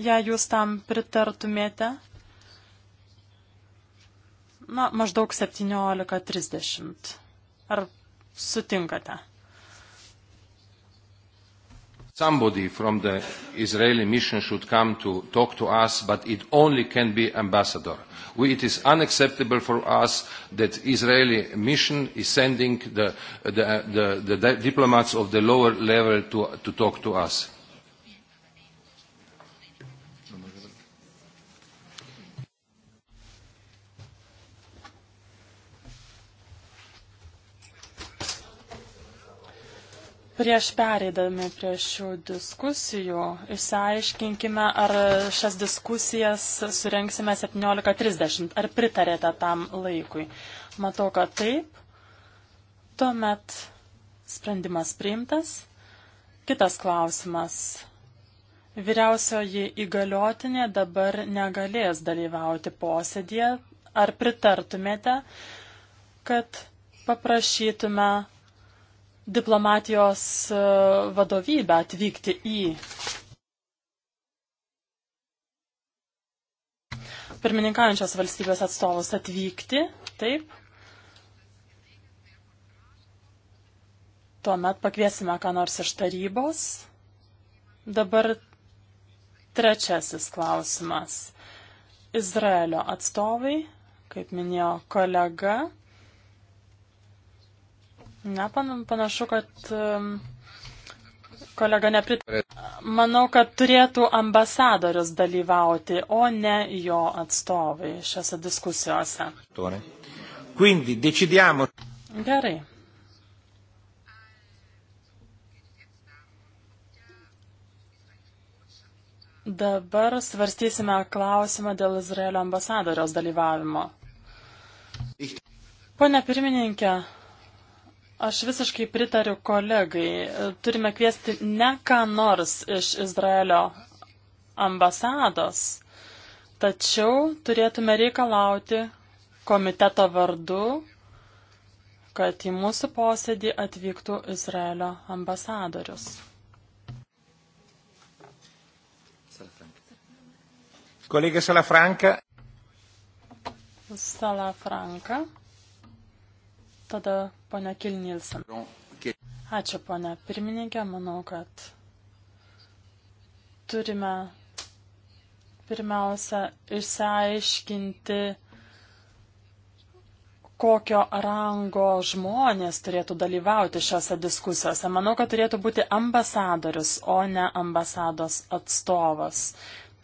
jei jūs tam pritartumėte. Na, maždaug 17.30. Ar sutinkate? Somebody from the Israeli mission should come to talk to us, but it only can be ambassador. We, it is unacceptable for us that Israeli mission is sending the, the, the, the diplomats of the lower level to, to talk to us. Prieš pereidami prie šių diskusijų, išsiaiškinkime, ar šias diskusijas surenksime 17.30. Ar pritarėte tam laikui? Matau, kad taip. Tuomet sprendimas priimtas. Kitas klausimas. Vyriausioji įgaliotinė dabar negalės dalyvauti posėdėje. Ar pritartumėte, kad paprašytume diplomatijos e, vadovybę atvykti į. Pirmininkaujančios valstybės atstovus atvykti, taip. Tuomet pakviesime ką nors iš tarybos. Dabar trečiasis klausimas. Izraelio atstovai, kaip minėjo kolega, Na, panašu, kad um, kolega nepritarė. Manau, kad turėtų ambasadorius dalyvauti, o ne jo atstovai šiose diskusijose. Quindi, decidiamo. Gerai. Dabar svarstysime klausimą dėl Izraelio ambasadoriaus dalyvavimo. Pone pirmininkė, Aš visiškai pritariu kolegai. Turime kviesti ne ką nors iš Izraelio ambasados, tačiau turėtume reikalauti komiteto vardu, kad į mūsų posėdį atvyktų Izraelio ambasadorius. Kolegė Salafranka. Salafranka. Tada ponia Kilnilsen. Ačiū ponia pirmininkė, manau, kad turime pirmiausia išsiaiškinti, kokio rango žmonės turėtų dalyvauti šiuose diskusijose. Manau, kad turėtų būti ambasadorius, o ne ambasados atstovas.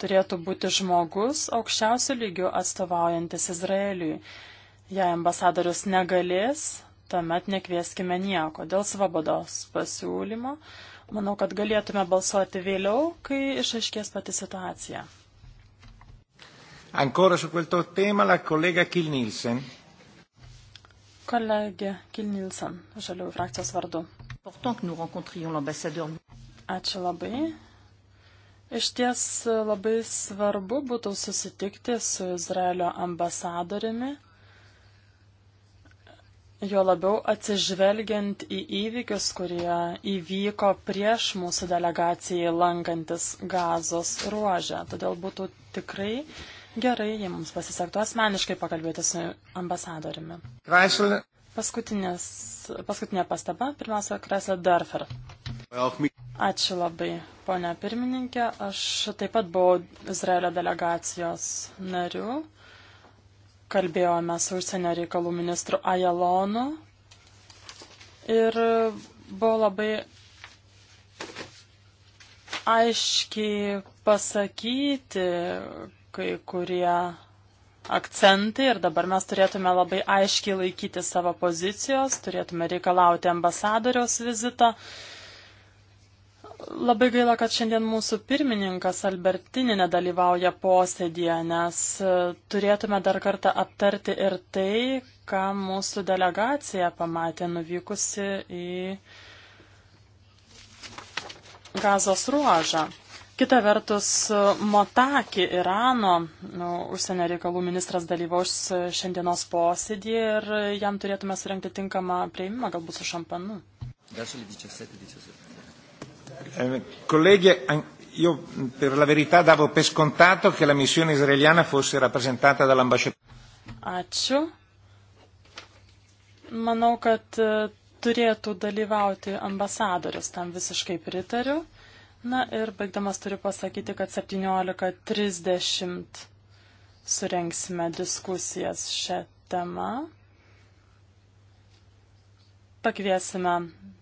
Turėtų būti žmogus aukščiausių lygių atstovaujantis Izraeliui. Jei ambasadorius negalės, tuomet nekvieskime nieko. Dėl svabodos pasiūlymo, manau, kad galėtume balsuoti vėliau, kai išaiškės pati situacija. Ancora su quel tema la collega Kilnilsen. Kolegė Kilnilsen, žaliųjų frakcijos vardu. Ačiū labai. Iš ties labai svarbu būtų susitikti su Izraelio ambasadoriumi Jo labiau atsižvelgiant į įvykius, kurie įvyko prieš mūsų delegacijai lankantis gazos ruožę. Todėl būtų tikrai gerai, jei mums pasisektų asmeniškai pakalbėti su ambasadoriumi. Kreisel. Paskutinės, paskutinė pastaba, pirmiausia, Kreisel Darfer. Ačiū labai, ponia pirmininkė. Aš taip pat buvau Izraelio delegacijos nariu kalbėjome su užsienio reikalų ministru Ajalonu ir buvo labai aiškiai pasakyti kai kurie akcentai ir dabar mes turėtume labai aiškiai laikyti savo pozicijos, turėtume reikalauti ambasadoriaus vizito Labai gaila, kad šiandien mūsų pirmininkas Albertinė nedalyvauja posėdėje, nes e, turėtume dar kartą aptarti ir tai, ką mūsų delegacija pamatė nuvykusi į gazos ruožą. Kita vertus, Motaki, Irano nu, užsienio reikalų ministras dalyvaus šiandienos posėdį ir jam turėtume surinkti tinkamą prieimimą, galbūt su šampanu. Verso le 17 e 17. Eh, colleghi, io mm, per la verità davo per scontato che la missione israeliana fosse rappresentata dall'ambasciatore. Ačiū. Manau, kad e, turėtų dalyvauti ambasadorius, tam visiškai pritariu. Na ir baigdamas turiu pasakyti, kad 17.30 surenksime diskusijas šią temą. Pakviesime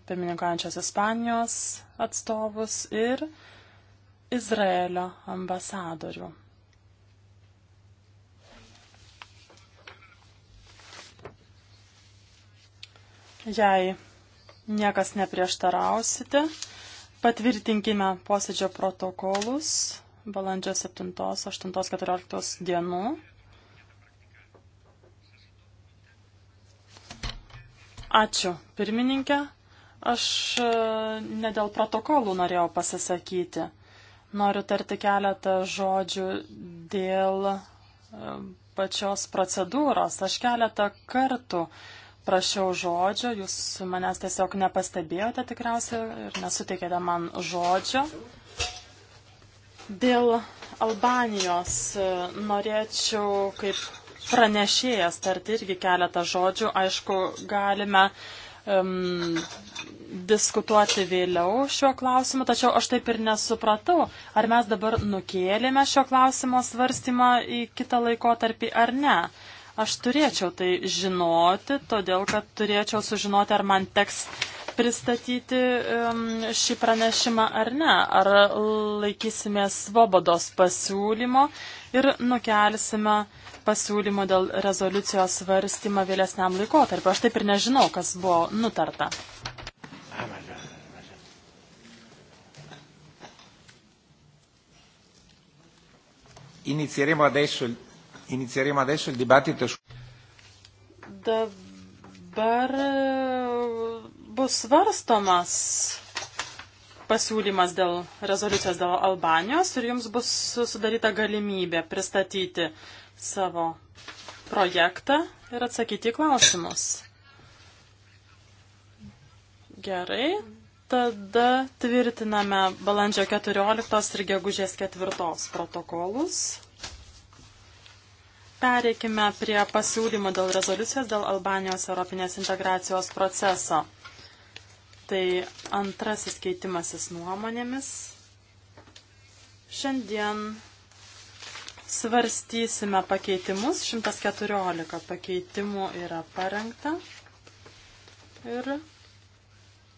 pirmininkaujančios Ispanijos atstovus ir Izraelio ambasadorių. Jei niekas neprieštarausite, patvirtinkime posėdžio protokolus balandžio 7, 8, 14 dienų. Ačiū pirmininkė. Aš e, ne dėl protokolų norėjau pasisakyti. Noriu tarti keletą žodžių dėl e, pačios procedūros. Aš keletą kartų prašiau žodžio, jūs manęs tiesiog nepastebėjote tikriausiai ir nesuteikėte man žodžio. Dėl Albanijos e, norėčiau kaip pranešėjas tarti irgi keletą žodžių. Aišku, galime um, diskutuoti vėliau šiuo klausimu, tačiau aš taip ir nesupratau, ar mes dabar nukėlėme šio klausimo svarstymą į kitą laikotarpį ar ne. Aš turėčiau tai žinoti, todėl kad turėčiau sužinoti, ar man teks pristatyti um, šį pranešimą ar ne, ar laikysime svobodos pasiūlymo ir nukelsime pasiūlymo dėl rezoliucijos svarstymą vėlesniam laikotarpiu. Aš taip ir nežinau, kas buvo nutarta. Inizieremo adesso il, inizieremo adesso il dibattito su. Dabar eh, bus svarstomas pasiūlymas dėl rezoliucijos dėl Albanijos ir jums bus sudaryta galimybė pristatyti savo projektą ir atsakyti į klausimus. Gerai, Tada tvirtiname balandžio 14 ir gegužės 4 protokolus. Pereikime prie pasiūlymų dėl rezoliucijos dėl Albanijos Europinės integracijos proceso. Tai antrasis keitimasis nuomonėmis. Šiandien svarstysime pakeitimus. 114 pakeitimų yra parengta. Ir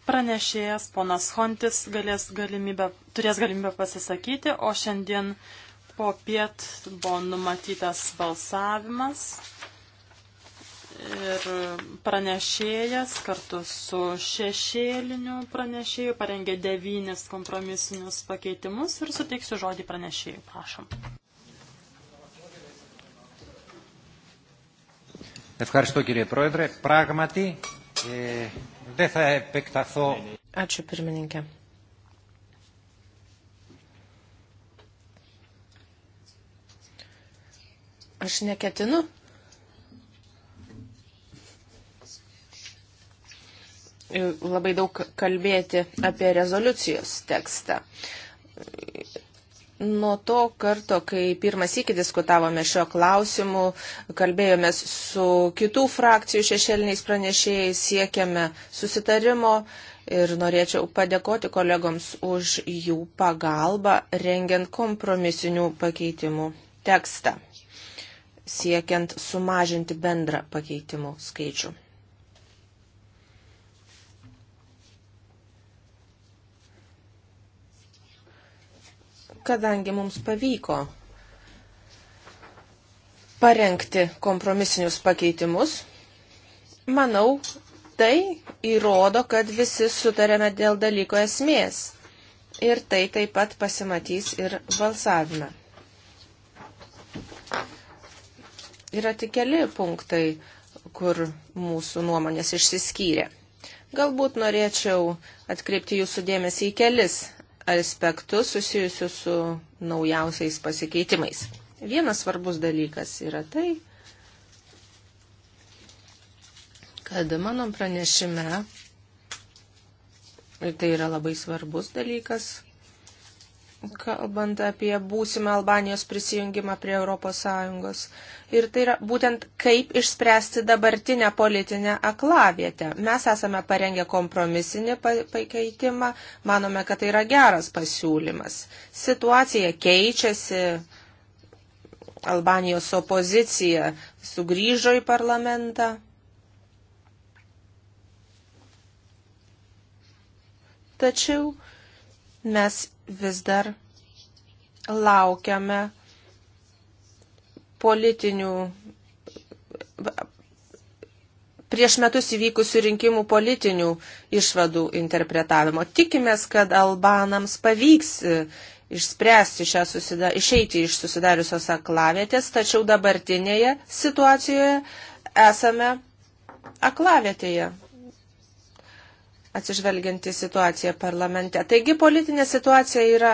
Pranešėjas ponas Hontis galės galimybę, turės galimybę pasisakyti, o šiandien po piet buvo numatytas balsavimas. Ir pranešėjas kartu su šešėliniu pranešėju parengė devynis kompromisinius pakeitimus ir suteiksiu žodį pranešėjui. Prašom. Ευχαριστώ κύριε Πρόεδρε. Πράγματι, ε, Δεν θα επεκταθώ. Ačiū pirmininkė. Aš neketinu labai daug kalbėti apie rezoliucijos tekstą. Nuo to karto, kai pirmas iki diskutavome šio klausimu, kalbėjomės su kitų frakcijų šešėliniais pranešėjais, siekėme susitarimo ir norėčiau padėkoti kolegoms už jų pagalbą rengiant kompromisinių pakeitimų tekstą, siekiant sumažinti bendrą pakeitimų skaičių. kadangi mums pavyko parengti kompromisinius pakeitimus, manau, tai įrodo, kad visi sutarėme dėl dalyko esmės. Ir tai taip pat pasimatys ir balsavime. Yra tik keli punktai, kur mūsų nuomonės išsiskyrė. Galbūt norėčiau atkreipti jūsų dėmesį į kelis aspektus susijusius su naujausiais pasikeitimais. Vienas svarbus dalykas yra tai, kad mano pranešime, ir tai yra labai svarbus dalykas, kalbant apie būsimą Albanijos prisijungimą prie ES. Ir tai yra būtent kaip išspręsti dabartinę politinę aklavietę. Mes esame parengę kompromisinį pakeitimą, manome, kad tai yra geras pasiūlymas. Situacija keičiasi, Albanijos opozicija sugrįžo į parlamentą. Tačiau mes vis dar laukiame politinių prieš metus įvykusių rinkimų politinių išvadų interpretavimo. Tikimės, kad albanams pavyks e, išspręsti šią susida, išeiti iš susidariusios aklavietės, tačiau dabartinėje situacijoje esame aklavietėje atsižvelgianti situaciją parlamente. Taigi politinė situacija yra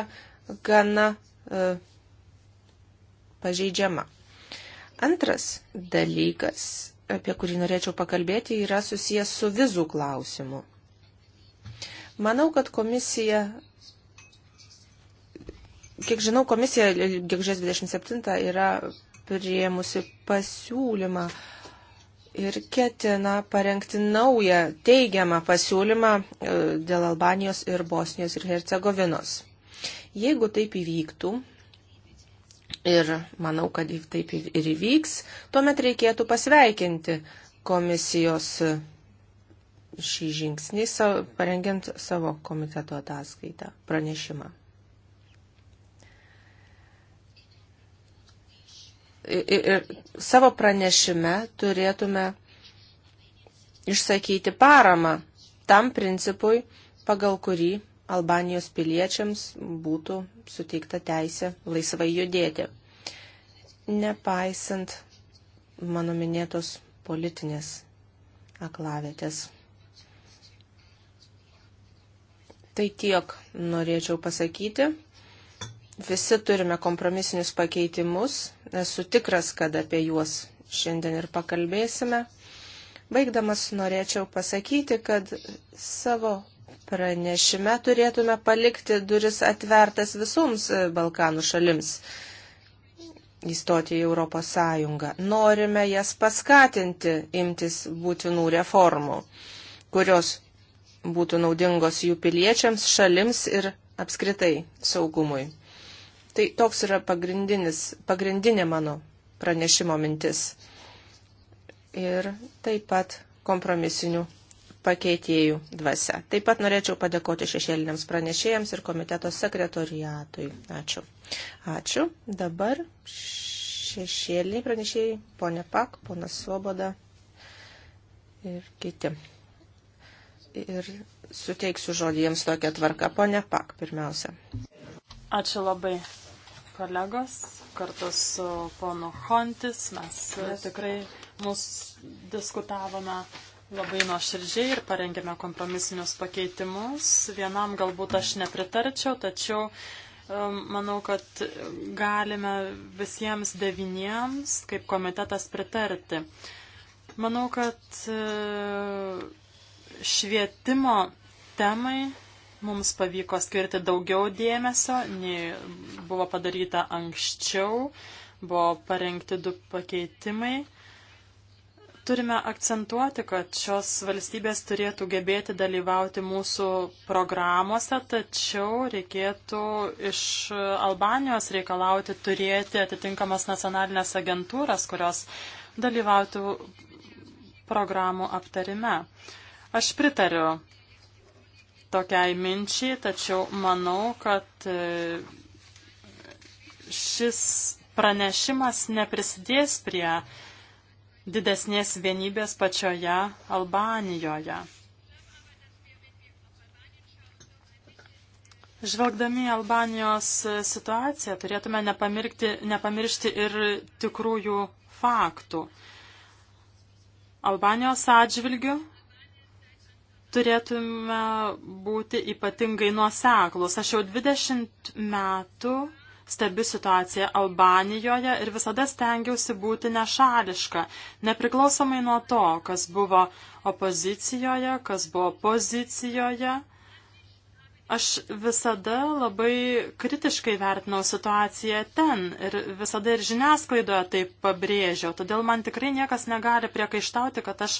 gana e, pažeidžiama. Antras dalykas, apie kurį norėčiau pakalbėti, yra susijęs su vizų klausimu. Manau, kad komisija, kiek žinau, komisija, kiek žės 27 yra prieimusi pasiūlymą uh, ir ketina parengti naują teigiamą pasiūlymą e, dėl Albanijos ir Bosnijos ir Hercegovinos. Jeigu taip įvyktų, ir manau, kad taip ir įvyks, tuomet reikėtų pasveikinti komisijos e, šį žingsnį, parengiant savo komiteto ataskaitą, pranešimą. ir savo pranešime turėtume išsakyti paramą tam principui, pagal kurį Albanijos piliečiams būtų suteikta teisė laisvai judėti, nepaisant mano minėtos politinės aklavėtės. Tai tiek norėčiau pasakyti. Visi turime kompromisinius pakeitimus. Esu tikras, kad apie juos šiandien ir pakalbėsime. Baigdamas norėčiau pasakyti, kad savo pranešime turėtume palikti duris atvertas visoms e, Balkanų šalims įstoti į Europos Sąjungą. Norime jas paskatinti imtis būtinų reformų, kurios būtų naudingos jų piliečiams, šalims ir apskritai saugumui. Tai toks yra pagrindinė mano pranešimo mintis. Ir taip pat kompromisinių pakeitėjų dvasia. Taip pat norėčiau padėkoti šešėliniams pranešėjams ir komiteto sekretoriatui. Ačiū. Ačiū. Dabar šešėliniai pranešėjai, ponė Pak, ponas Svoboda ir kiti. Ir suteiksiu žodį jiems tokią tvarką, ponė Pak, pirmiausia. Ačiū labai, kolegos, kartu su ponu Hontis mes tikrai mus diskutavome labai nuoširdžiai ir parengėme kompromisinius pakeitimus. Vienam galbūt aš nepritarčiau, tačiau um, manau, kad galime visiems devyniems kaip komitetas pritarti. Manau, kad uh, švietimo temai Mums pavyko skirti daugiau dėmesio, nei buvo padaryta anksčiau, buvo parengti du pakeitimai. Turime akcentuoti, kad šios valstybės turėtų gebėti dalyvauti mūsų programuose, tačiau reikėtų iš Albanijos reikalauti turėti atitinkamas nacionalinės agentūras, kurios dalyvautų programų aptarime. Aš pritariu tokiai minčiai, tačiau manau, kad e, šis pranešimas neprisidės prie didesnės vienybės pačioje Albanijoje. Žvelgdami Albanijos situaciją turėtume nepamiršti ir tikrųjų faktų. Albanijos atžvilgių turėtume būti ypatingai nuoseklus. Aš jau 20 metų stebiu situaciją Albanijoje ir visada stengiausi būti nešališka, nepriklausomai nuo to, kas buvo opozicijoje, kas buvo pozicijoje. Aš visada labai kritiškai vertinau situaciją ten ir visada ir žiniasklaidoje tai pabrėžiau. Todėl man tikrai niekas negali priekaištauti, kad aš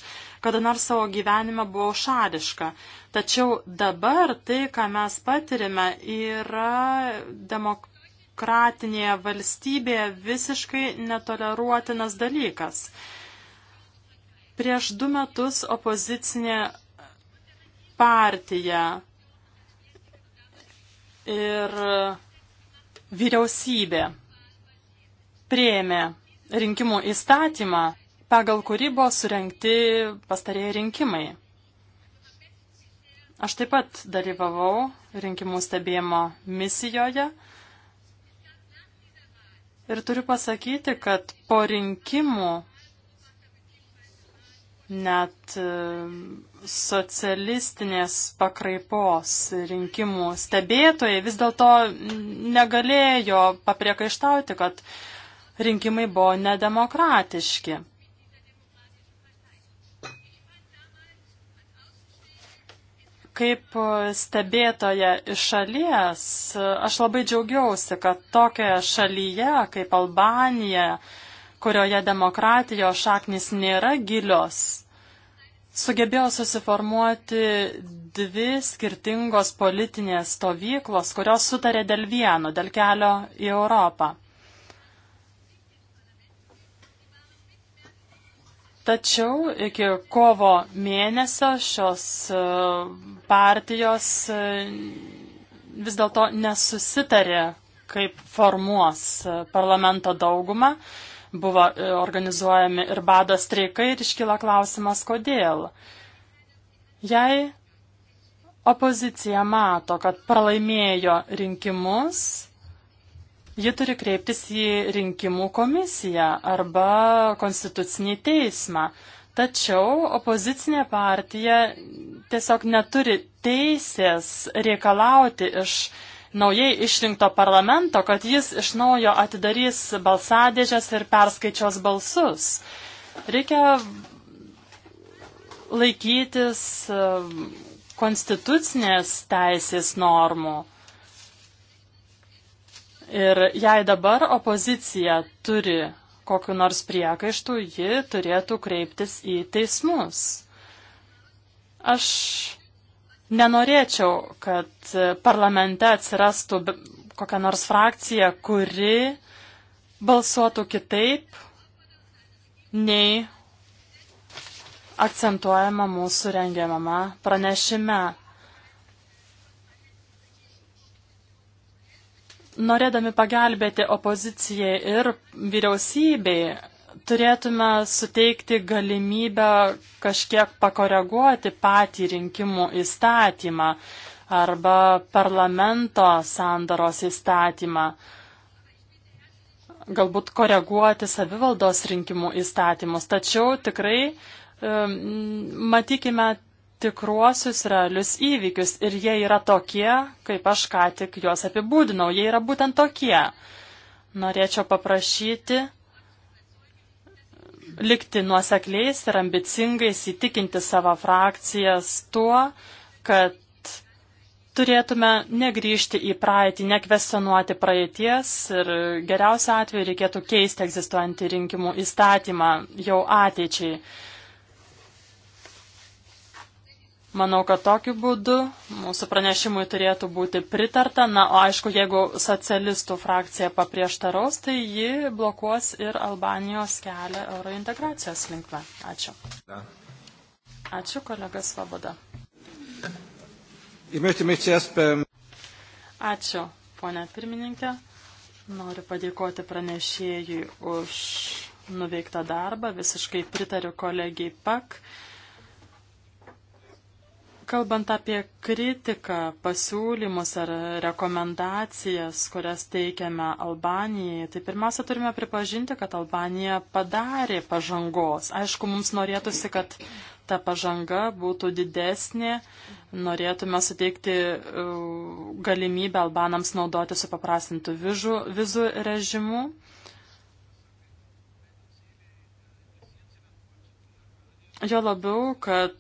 kada nors savo gyvenime buvau šališka. Tačiau dabar tai, ką mes patirime, yra demokratinėje valstybėje visiškai netoleruotinas dalykas. Prieš du metus opozicinė partija ir vyriausybė prieėmė rinkimų įstatymą, pagal kurį buvo surenkti pastarėjai rinkimai. Aš taip pat dalyvavau rinkimų stebėjimo misijoje ir turiu pasakyti, kad po rinkimų net e, socialistinės pakraipos rinkimų stebėtojai vis dėlto negalėjo papriekaištauti, kad rinkimai buvo nedemokratiški. Kaip stebėtoja iš šalies, aš labai džiaugiausi, kad tokioje šalyje kaip Albanija, kurioje demokratijos šaknis nėra gilios, sugebėjo susiformuoti dvi skirtingos politinės stovyklos, kurios sutarė dėl vieno, dėl kelio į Europą. Tačiau iki kovo mėnesio šios e, partijos e, vis dėlto nesusitarė, kaip formuos e, parlamento daugumą buvo e, organizuojami ir bado streikai ir iškyla klausimas, kodėl. Jei opozicija mato, kad pralaimėjo rinkimus, ji turi kreiptis į rinkimų komisiją arba konstitucinį teismą. Tačiau opozicinė partija tiesiog neturi teisės reikalauti iš uh, naujai išrinkto parlamento, kad jis iš naujo atidarys balsadėžės ir perskaičios balsus. Reikia laikytis e, konstitucinės teisės normų. Ir jei dabar opozicija turi kokiu nors priekaištų, ji turėtų kreiptis į teismus. Aš Nenorėčiau, kad parlamente atsirastų kokia nors frakcija, kuri balsuotų kitaip nei akcentuojama mūsų rengiamame pranešime. Norėdami pagelbėti opozicijai ir vyriausybei, turėtume suteikti galimybę kažkiek pakoreguoti patį rinkimų įstatymą arba parlamento sandaros įstatymą galbūt koreguoti savivaldos rinkimų įstatymus. Tačiau tikrai matykime tikruosius realius įvykius ir jie yra tokie, kaip aš ką tik juos apibūdinau, jie yra būtent tokie. Norėčiau paprašyti likti nuosekliais ir ambicingais, įtikinti savo frakcijas tuo, kad turėtume negryžti į praeitį, nekvesionuoti praeities ir geriausia atveju reikėtų keisti egzistuojantį rinkimų įstatymą jau ateičiai. Manau, kad tokiu būdu mūsų pranešimui turėtų būti pritarta. Na, o aišku, jeigu socialistų frakcija paprieštaraus, tai ji blokuos ir Albanijos kelią eurointegracijos linkme. Ačiū. Ačiū, kolega Svoboda. Ačiū, ponia pirmininkė. Noriu padėkoti pranešėjui už nuveiktą darbą. Visiškai pritariu kolegijai PAK. Kalbant apie kritiką, pasiūlymus ar rekomendacijas, kurias teikiame Albanijai, tai pirmiausia turime pripažinti, kad Albanija padarė pažangos. Aišku, mums norėtųsi, kad ta pažanga būtų didesnė, norėtume suteikti e, galimybę Albanams naudoti su paprastintų vizų, vizų režimu. Jo labiau, kad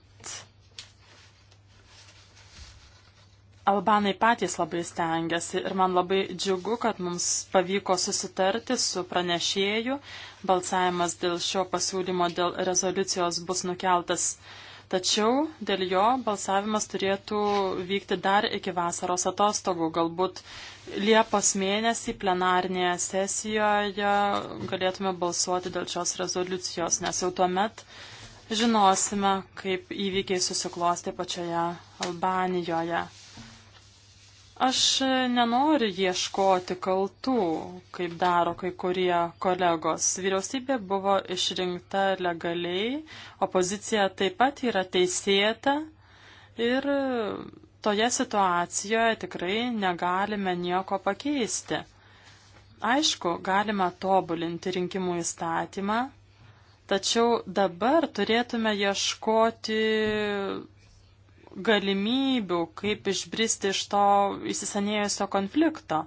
Albanai patys labai stengiasi ir man labai džiugu, kad mums pavyko susitarti su pranešėju. Balsavimas dėl šio pasiūlymo dėl rezoliucijos bus nukeltas, tačiau dėl jo balsavimas turėtų vykti dar iki vasaros atostogų. Galbūt Liepos mėnesį plenarnėje sesijoje galėtume balsuoti dėl šios rezoliucijos, nes jau tuomet žinosime, kaip įvykiai susiklosti pačioje Albanijoje. Aš nenoriu ieškoti kaltų, kaip daro kai kurie kolegos. Vyriausybė buvo išrinkta legaliai, opozicija taip pat yra teisėta ir toje situacijoje tikrai negalime nieko pakeisti. Aišku, galima tobulinti rinkimų įstatymą, tačiau dabar turėtume ieškoti galimybių, kaip išbristi iš to įsisenėjusio konflikto.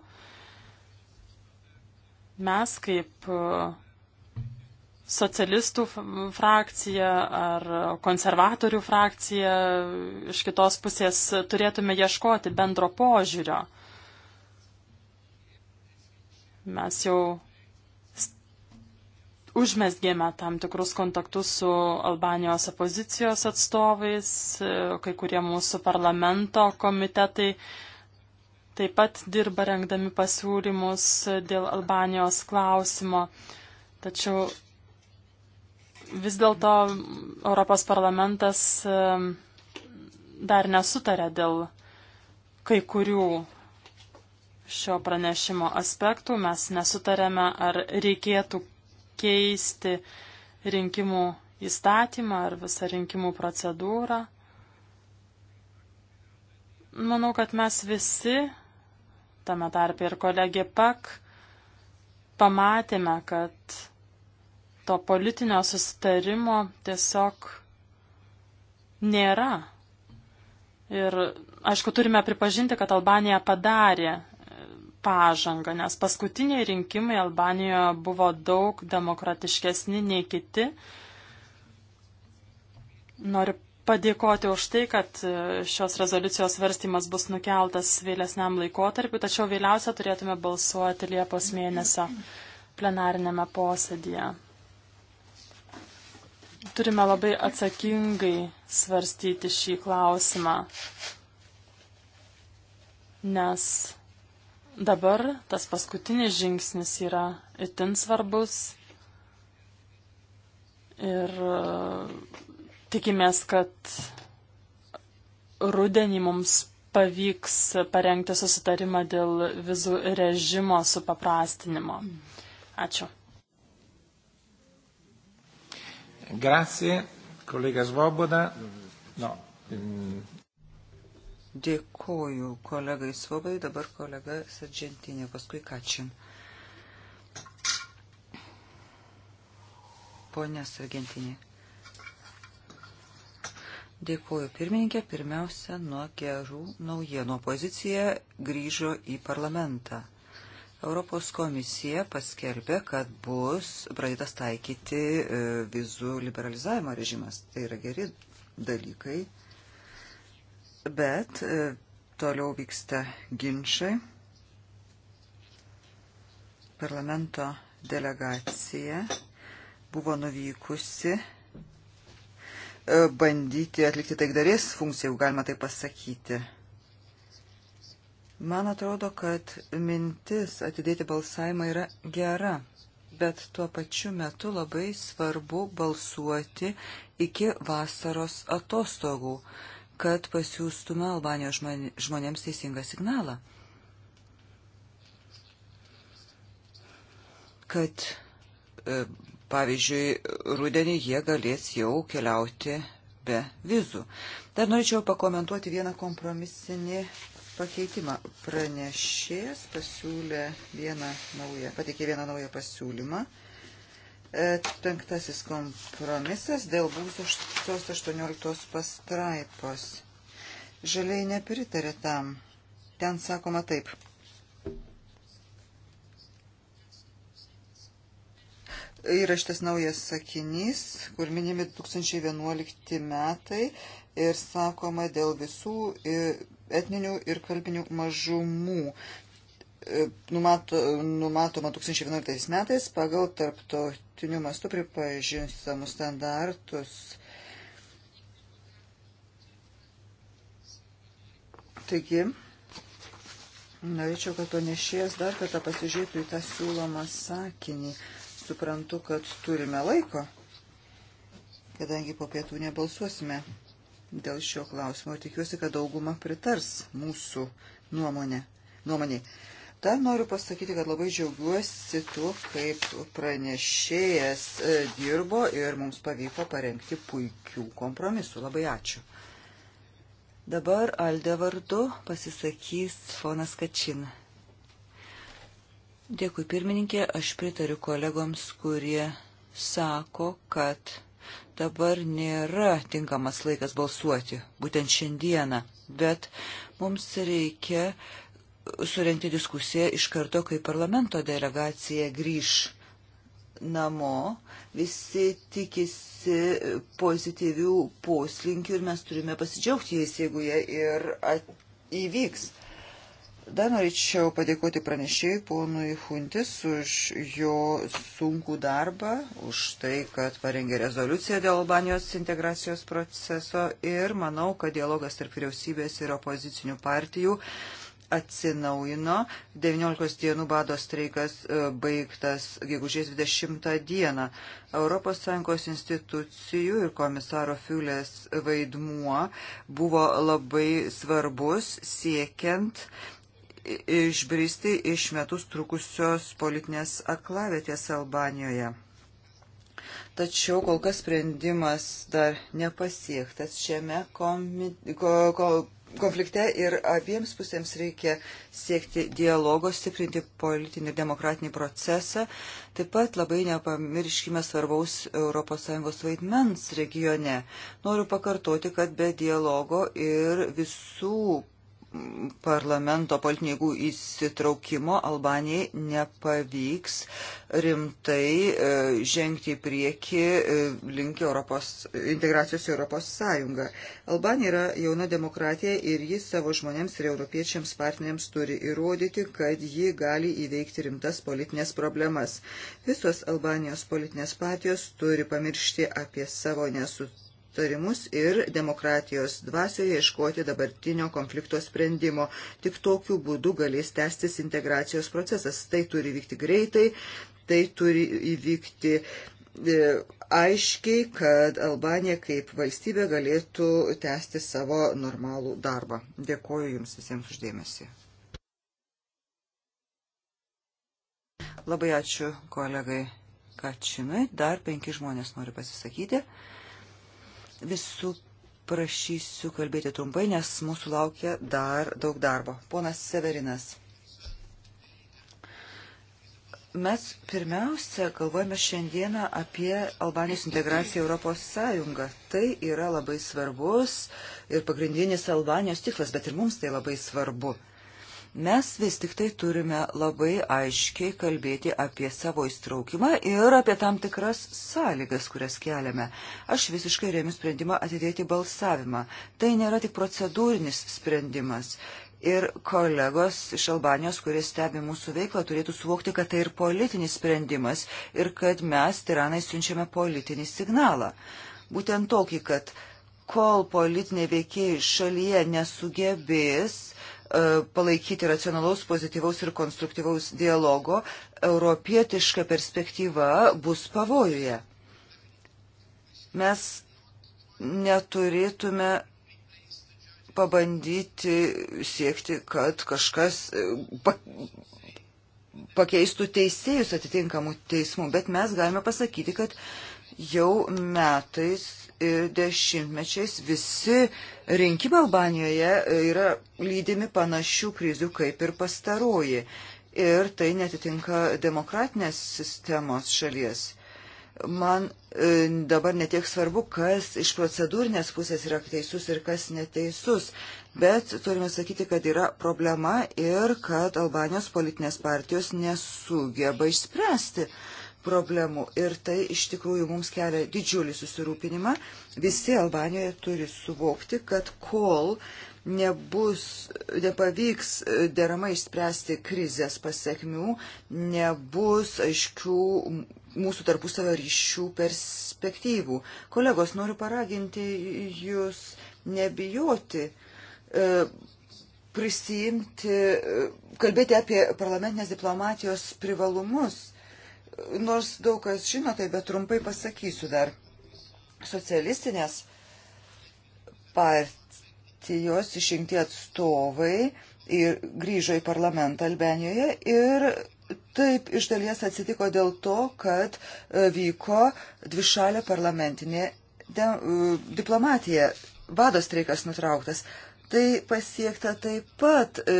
Mes kaip e, socialistų frakcija ar konservatorių frakcija iš kitos pusės turėtume ieškoti bendro požiūrio. Mes jau užmesgėme tam tikrus kontaktus su Albanijos opozicijos atstovais, e, kai kurie mūsų parlamento komitetai taip pat dirba rengdami pasiūlymus dėl Albanijos klausimo. Tačiau vis dėlto Europos parlamentas e, dar nesutarė dėl kai kurių šio pranešimo aspektų. Mes nesutarėme, ar reikėtų keisti rinkimų įstatymą ar visą rinkimų procedūrą. Manau, kad mes visi, tame tarpe ir kolegė Pak, pamatėme, kad to politinio susitarimo tiesiog nėra. Ir aišku, turime pripažinti, kad Albanija padarė pažangą, nes paskutiniai rinkimai Albanijoje buvo daug demokratiškesni nei kiti. Noriu padėkoti už tai, kad e, šios rezoliucijos svarstymas bus nukeltas vėlesniam laikotarpiu, tačiau vėliausia turėtume balsuoti Liepos mėnesio plenarinėme posėdėje. Turime labai atsakingai svarstyti šį klausimą, nes Dabar tas paskutinis žingsnis yra itin svarbus ir e, tikimės, kad rudenį mums pavyks parengti susitarimą dėl vizų režimo supaprastinimo. Ačiū. Grazie, kolega Svoboda. No, mm. Dėkoju kolegai Svobai, dabar kolega Sargentinė, paskui Kačin. Pone Sargentinė. Dėkuoju pirmininkė, pirmiausia, nuo gerų naujienų opozicija grįžo į parlamentą. Europos komisija paskelbė, kad bus pradėtas taikyti e, vizų liberalizavimo režimas. Tai yra geri dalykai bet e, toliau vyksta ginčiai. Parlamento delegacija buvo nuvykusi e, bandyti atlikti taikdarės funkciją, jeigu galima tai pasakyti. Man atrodo, kad mintis atidėti balsavimą yra gera, bet tuo pačiu metu labai svarbu balsuoti iki vasaros atostogų kad pasiūstume Albanijos žmonėms teisingą signalą. Kad, e, pavyzdžiui, rudenį jie galės jau keliauti be vizų. Dar norėčiau pakomentuoti vieną kompromisinį pakeitimą. Pranešėjas pasiūlė vieną naują, pateikė vieną naują pasiūlymą. Uh, E, penktasis kompromisas dėl būsios 18 pastraipos. Žaliai nepritarė tam. Ten sakoma taip. Yra šitas naujas sakinys, kur minimi 2011 metai ir sakoma dėl visų etninių ir kalbinių mažumų numato, numatoma 2011 metais pagal tarptautinių mastų pripažįstamus standartus. Taigi, norėčiau, kad panešėjas dar kartą pasižiūrėtų į tą siūlomą sakinį. Suprantu, kad turime laiko, kadangi po pietų nebalsuosime dėl šio klausimo ir tikiuosi, kad dauguma pritars mūsų nuomonė. nuomonė. Dar noriu pasakyti, kad labai džiaugiuosi tuo, kaip pranešėjas e, dirbo ir mums pavyko parengti puikių kompromisų. Labai ačiū. Dabar Alde vardu pasisakys fonas Kačin. Dėkui pirmininkė, aš pritariu kolegoms, kurie sako, kad dabar nėra tinkamas laikas balsuoti, būtent šiandieną, bet mums reikia surenkti diskusiją iš karto, kai parlamento delegacija grįž namo. Visi tikisi pozityvių poslinkių ir mes turime pasidžiaugti jais, jeigu jie ir at, įvyks. Dar norėčiau padėkoti pranešėjai ponui Huntis už jo sunkų darbą, už tai, kad parengė rezoliuciją dėl Albanijos integracijos proceso ir manau, kad dialogas tarp vyriausybės ir opozicinių partijų uh, atsinaujino, 19 dienų bado streikas e, baigtas gegužės 20 dieną. ES institucijų ir komisaro Fiulės vaidmuo buvo labai svarbus siekiant išbristi iš metus trukusios politinės aklavietės Albanijoje. Tačiau kol kas sprendimas dar nepasiektas šiame komi, ko, ko, konflikte ir abiems pusėms reikia siekti dialogo, stiprinti politinį ir demokratinį procesą. Taip pat labai nepamirškime svarbaus ES vaidmens regione. Noriu pakartoti, kad be dialogo ir visų parlamento politininkų įsitraukimo Albanijai nepavyks rimtai e, žengti į priekį e, link Europos, integracijos į Europos Sąjungą. Albanija yra jauna demokratija ir jis savo žmonėms ir europiečiams partneriams turi įrodyti, kad ji gali įveikti rimtas politinės problemas. Visos Albanijos politinės partijos turi pamiršti apie savo nesutarimą sustarimus ir demokratijos dvasioje iškoti dabartinio konflikto sprendimo. Tik tokiu būdu galės tęstis integracijos procesas. Tai turi vykti greitai, tai turi įvykti e, aiškiai, kad Albanija kaip valstybė galėtų tęsti savo normalų darbą. Dėkuoju Jums visiems uždėmesi. Labai ačiū kolegai Kačinai. Dar penki žmonės nori pasisakyti. Visų prašysiu kalbėti trumpai, nes mūsų laukia dar daug darbo. Ponas Severinas. Mes pirmiausia galvojame šiandieną apie Albanijos integraciją Europos Sąjungą. Tai yra labai svarbus ir pagrindinis Albanijos tikslas, bet ir mums tai labai svarbu. Mes vis tik tai turime labai aiškiai kalbėti apie savo įstraukimą ir apie tam tikras sąlygas, kurias keliame. Aš visiškai remiu sprendimą atidėti balsavimą. Tai nėra tik procedūrinis sprendimas. Ir kolegos iš Albanijos, kurie stebi mūsų veiklą, turėtų suvokti, kad tai ir politinis sprendimas ir kad mes tiranai siunčiame politinį signalą. Būtent tokį, kad kol politiniai veikėjai šalyje nesugebės E, palaikyti racionalaus, pozityvaus ir konstruktyvaus dialogo, europietiška perspektyva bus pavojuje. Mes neturėtume pabandyti siekti, kad kažkas e, pakeistų teisėjus atitinkamų teismų, bet mes galime pasakyti, kad jau metais dešimtmečiais visi rinkimai Albanijoje e, yra lydimi panašių krizių kaip ir pastaroji. Ir tai netitinka demokratinės sistemos šalies man e, dabar netiek svarbu, kas iš procedūrinės pusės yra teisus ir kas neteisus, bet turime sakyti, kad yra problema ir kad Albanijos politinės partijos nesugeba išspręsti problemų ir tai iš tikrųjų mums kelia didžiulį susirūpinimą. Visi Albanijoje turi suvokti, kad kol nebus, nepavyks e, deramai išspręsti krizės pasiekmių, nebus aiškių mūsų tarpusavio ryšių perspektyvų. Kolegos, noriu paraginti jūs nebijoti e, prisijimti, e, kalbėti apie parlamentinės diplomatijos privalumus Nors daug kas žino tai, bet trumpai pasakysiu dar. Socialistinės partijos išrinkti atstovai ir grįžo į parlamentą Albenijoje ir taip iš dalies atsitiko dėl to, kad e, vyko dvišalė parlamentinė de, e, diplomatija. Vado streikas nutrauktas. Tai pasiekta taip pat e,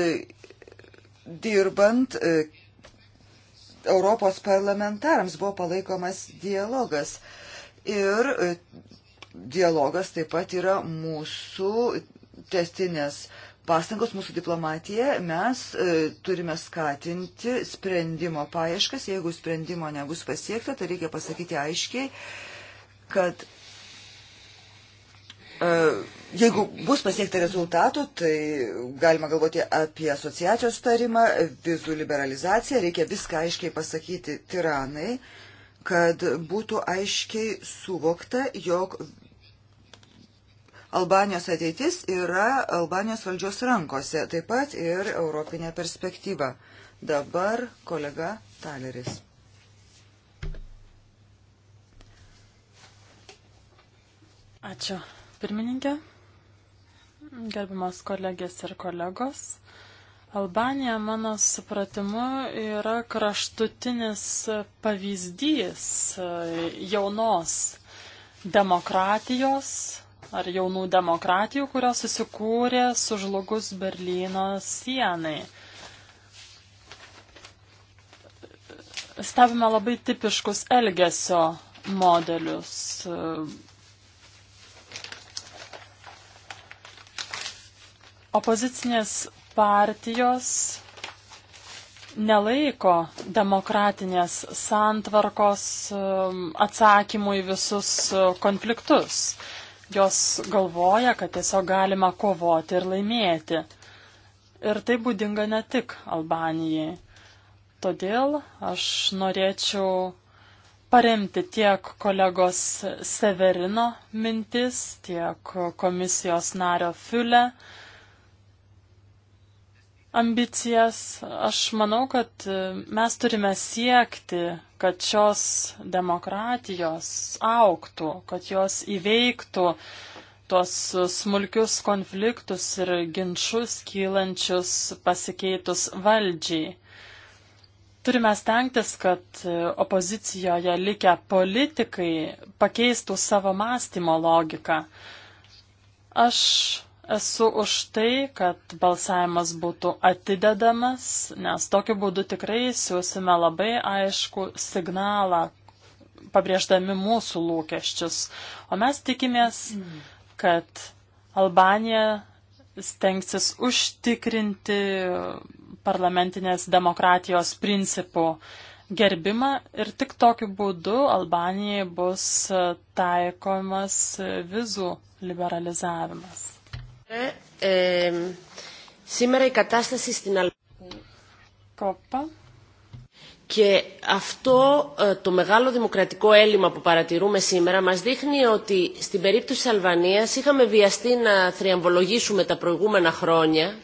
dirbant Europos parlamentarams buvo palaikomas dialogas. Ir e, dialogas taip pat yra mūsų testinės pastangos, mūsų diplomatija. Mes e, turime skatinti sprendimo paieškas. Jeigu sprendimo nebus pasiekta, tai reikia pasakyti aiškiai, kad E, jeigu bus pasiekta rezultatų, tai galima galvoti apie asociacijos tarimą, vizų liberalizaciją, reikia viską aiškiai pasakyti tiranai, kad būtų aiškiai suvokta, jog Albanijos ateitis yra Albanijos valdžios rankose, taip pat ir europinė perspektyva. Dabar kolega Taleris. Ačiū, pirmininkė, gerbiamas kolegės ir kolegos. Albanija, mano supratimu, yra kraštutinis pavyzdys jaunos demokratijos ar jaunų demokratijų, kurios susikūrė sužlugus Berlyno sienai. Stebime labai tipiškus elgesio modelius Opozicinės partijos nelaiko demokratinės santvarkos um, atsakymų į visus uh, konfliktus. Jos galvoja, kad tiesiog galima kovoti ir laimėti. Ir tai būdinga ne tik Albanijai. Todėl aš norėčiau paremti tiek kolegos Severino mintis, tiek komisijos nario Fiule. Uh, ambicijas. Aš manau, kad e, mes turime siekti, kad šios demokratijos auktų, kad jos įveiktų tuos smulkius konfliktus ir ginčius kylančius pasikeitus valdžiai. Turime stengtis, kad e, opozicijoje likę politikai pakeistų savo mąstymo logiką. Aš Esu už tai, kad balsavimas būtų atidedamas, nes tokiu būdu tikrai siūsime labai aišku signalą, pabrėždami mūsų lūkesčius. O mes tikimės, kad Albanija stengsis užtikrinti parlamentinės demokratijos principų gerbimą ir tik tokiu būdu Albanijai bus taikomas vizų liberalizavimas. Σήμερα η κατάσταση στην Αλβανία και αυτό το μεγάλο δημοκρατικό έλλειμμα που παρατηρούμε σήμερα μας δείχνει ότι στην περίπτωση της Αλβανίας είχαμε βιαστεί να θριαμβολογήσουμε τα προηγούμενα χρόνια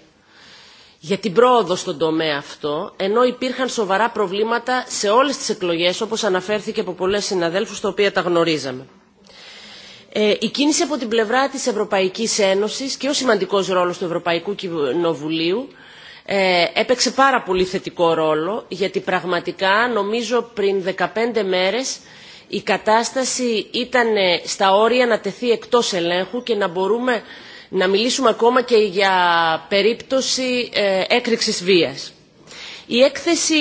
για την πρόοδο στον τομέα αυτό, ενώ υπήρχαν σοβαρά προβλήματα σε όλες τις εκλογές, όπως αναφέρθηκε από πολλές συναδέλφους, τα οποία τα γνωρίζαμε η κίνηση από την πλευρά της Ευρωπαϊκής Ένωσης και ο σημαντικός ρόλος του Ευρωπαϊκού Κοινοβουλίου ε, έπαιξε πάρα πολύ θετικό ρόλο γιατί πραγματικά νομίζω πριν 15 μέρες η κατάσταση ήταν στα όρια να τεθεί εκτός ελέγχου και να μπορούμε να μιλήσουμε ακόμα και για περίπτωση ε, έκρηξης βίας. Η έκθεση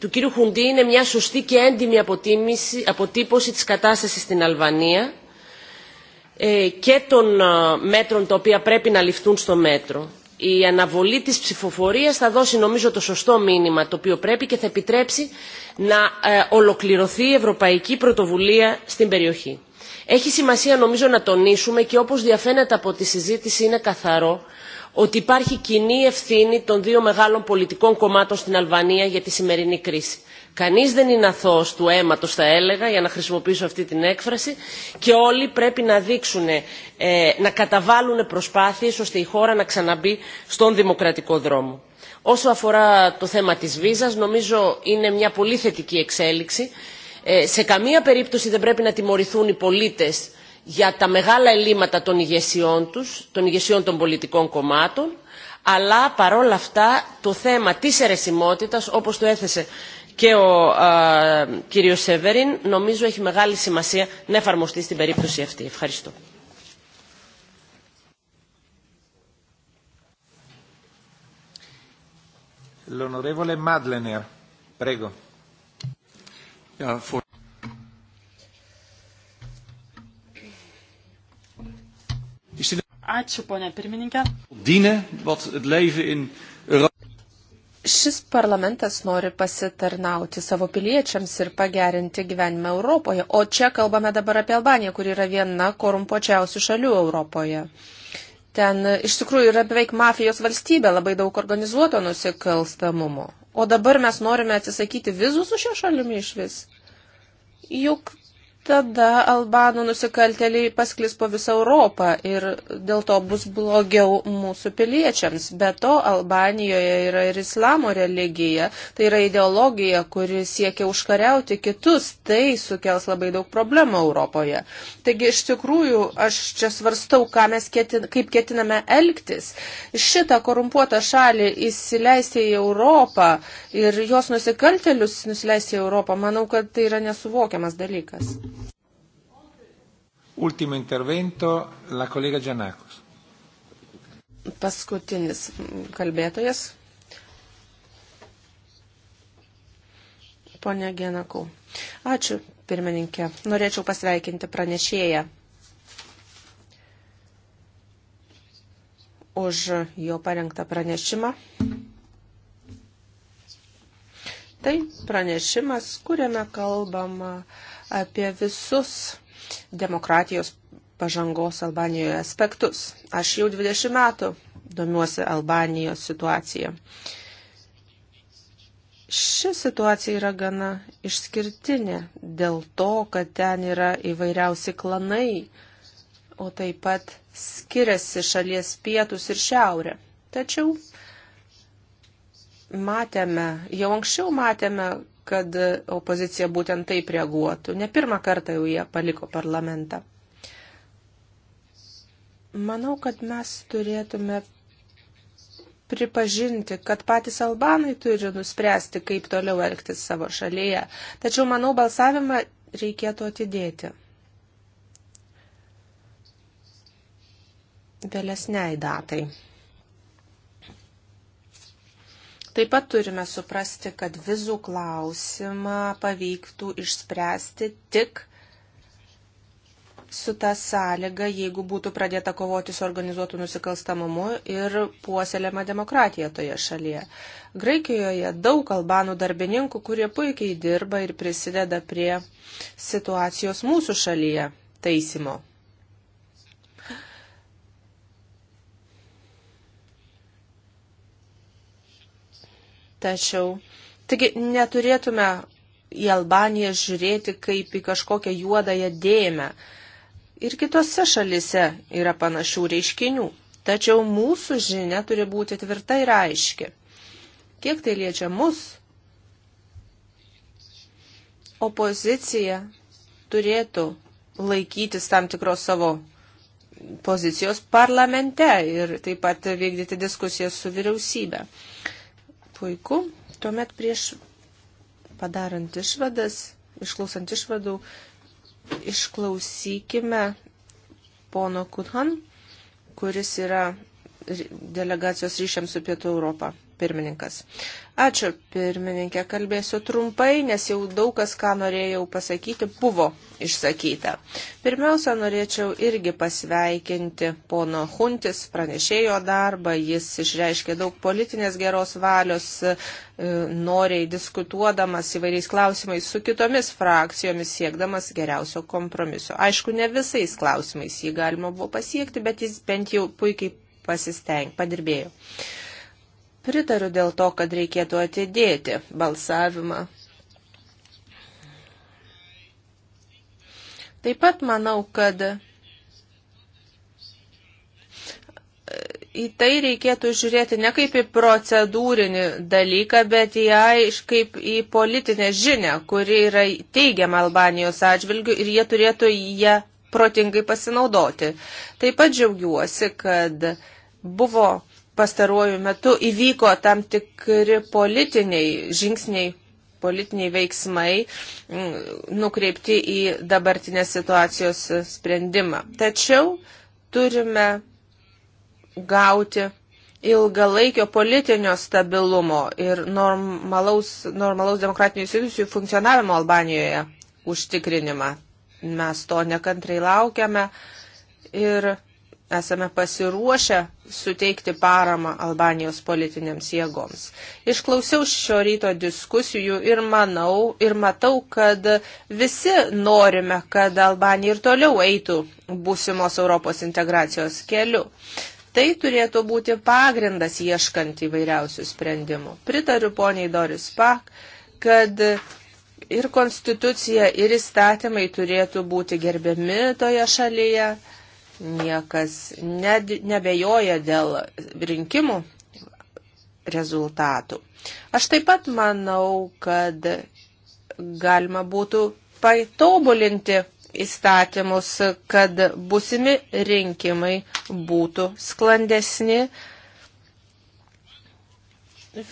του κύριου Χουντή είναι μια σωστή και έντιμη αποτίμηση, αποτύπωση της κατάστασης στην Αλβανία και των μέτρων τα οποία πρέπει να ληφθούν στο μέτρο. Η αναβολή της ψηφοφορίας θα δώσει νομίζω το σωστό μήνυμα το οποίο πρέπει και θα επιτρέψει να ολοκληρωθεί η Ευρωπαϊκή Πρωτοβουλία στην περιοχή. Έχει σημασία νομίζω να τονίσουμε και όπως διαφαίνεται από τη συζήτηση είναι καθαρό ότι υπάρχει κοινή ευθύνη των δύο μεγάλων πολιτικών κομμάτων στην Αλβανία για τη σημερινή κρίση. Κανείς δεν είναι αθώος του αίματος θα έλεγα για να χρησιμοποιήσω αυτή την έκφραση και όλοι πρέπει να δείξουν, ε, να καταβάλουν προσπάθειες ώστε η χώρα να ξαναμπεί στον δημοκρατικό δρόμο. Όσο αφορά το θέμα της βίζας νομίζω είναι μια πολύ θετική εξέλιξη. Ε, σε καμία περίπτωση δεν πρέπει να τιμωρηθούν οι πολίτες για τα μεγάλα ελλείμματα των ηγεσιών τους, των ηγεσιών των πολιτικών κομμάτων αλλά παρόλα αυτά το θέμα της αιρεσιμότητας όπως το έθεσε και ο ε, κύριος Σεβερίν, νομίζω έχει μεγάλη σημασία να εφαρμοστεί στην περίπτωση αυτή. Ευχαριστώ. L'onorevole Madlener, prego. Ja, for... Ačiū, ponia pirmininkė. Dienen, wat het leven in Šis parlamentas nori pasitarnauti savo piliečiams ir pagerinti gyvenimą Europoje, o čia kalbame dabar apie Albaniją, kuri yra viena korumpuočiausių šalių Europoje. Ten e, iš tikrųjų yra beveik mafijos valstybė, labai daug organizuoto nusikalstamumo. O dabar mes norime atsisakyti vizų su šia šalimi iš vis. Juk tada albanų nusikalteliai pasklis po visą Europą ir dėl to bus blogiau mūsų piliečiams. Be to, Albanijoje yra ir islamo religija, tai yra ideologija, kuri siekia užkariauti kitus, tai sukels labai daug problemų Europoje. Taigi, iš tikrųjų, aš čia svarstau, ketin, kaip ketiname elgtis. Šitą korumpuotą šalį įsileisti į Europą ir jos nusikaltelius nusileisti į Europą, manau, kad tai yra nesuvokiamas dalykas. Ultimo intervento, la kolega Džanakus. Paskutinis kalbėtojas. Pone Genakau. Ačiū, pirmininkė. Norėčiau pasveikinti pranešėją už jo parengtą pranešimą. Tai pranešimas, kuriame kalbama apie visus demokratijos pažangos Albanijoje aspektus. Aš jau 20 metų domiuosi Albanijos situaciją. Ši situacija yra gana išskirtinė dėl to, kad ten yra įvairiausi klanai, o taip pat skiriasi šalies pietus ir šiaurė. Tačiau matėme, jau anksčiau matėme, kad e, opozicija būtent taip reaguotų. Ne pirmą kartą jau jie paliko parlamentą. Manau, kad mes turėtume pripažinti, kad patys albanai turi nuspręsti, kaip toliau elgtis savo šalyje. Tačiau, manau, balsavimą reikėtų atidėti. Vėlesniai datai. Taip pat turime suprasti, kad vizų klausimą pavyktų išspręsti tik su ta sąlyga, jeigu būtų pradėta kovoti su organizuotu nusikalstamumu ir puoselėma demokratija toje šalyje. Graikijoje daug albanų darbininkų, kurie puikiai dirba ir prisideda prie situacijos mūsų šalyje taisimo. Tačiau, taigi neturėtume į Albaniją žiūrėti kaip į kažkokią juodąją dėmę. Ir kitose šalise yra panašių reiškinių. Tačiau mūsų žinia turi būti tvirta ir aiški. Kiek tai liečia mus? Opozicija turėtų laikytis tam tikros savo pozicijos parlamente ir taip pat vykdyti diskusijas su vyriausybė. Puiku. Tuomet prieš padarant išvadas, išklausant išvadų, išklausykime pono Kuthan, kuris yra delegacijos ryšiams su Pietų Europą pirmininkas. Ačiū, pirmininkė, kalbėsiu trumpai, nes jau daug kas, ką norėjau pasakyti, buvo išsakyta. Pirmiausia, norėčiau irgi pasveikinti pono Huntis pranešėjo darbą, jis išreiškė daug politinės geros valios, e, noriai diskutuodamas įvairiais klausimais su kitomis frakcijomis, siekdamas geriausio kompromiso. Aišku, ne visais klausimais jį galima buvo pasiekti, bet jis bent jau puikiai pasisteng, padirbėjo. Pritariu dėl to, kad reikėtų atidėti balsavimą. Taip pat manau, kad e, į tai reikėtų žiūrėti ne kaip į procedūrinį dalyką, bet į kaip į politinę žinę, kuri yra teigiama Albanijos atžvilgių ir jie turėtų ją protingai pasinaudoti. Taip pat džiaugiuosi, kad buvo pastaruoju metu įvyko tam tikri politiniai žingsniai, politiniai veiksmai mm, nukreipti į dabartinės situacijos sprendimą. Tačiau turime gauti ilgalaikio politinio stabilumo ir normalaus, normalaus demokratinių institucijų funkcionavimo Albanijoje užtikrinimą. Mes to nekantrai laukiame ir esame pasiruošę suteikti paramą Albanijos politinėms jėgoms. Išklausiau šio ryto diskusijų ir manau, ir matau, kad visi norime, kad Albanija ir toliau eitų būsimos Europos integracijos keliu. Tai turėtų būti pagrindas ieškant įvairiausių sprendimų. Pritariu poniai Doris Pak, kad ir konstitucija, ir įstatymai turėtų būti gerbiami toje šalyje Niekas ne, nebejoja dėl rinkimų rezultatų. Aš taip pat manau, kad galima būtų patobulinti įstatymus, kad busimi rinkimai būtų sklandesni.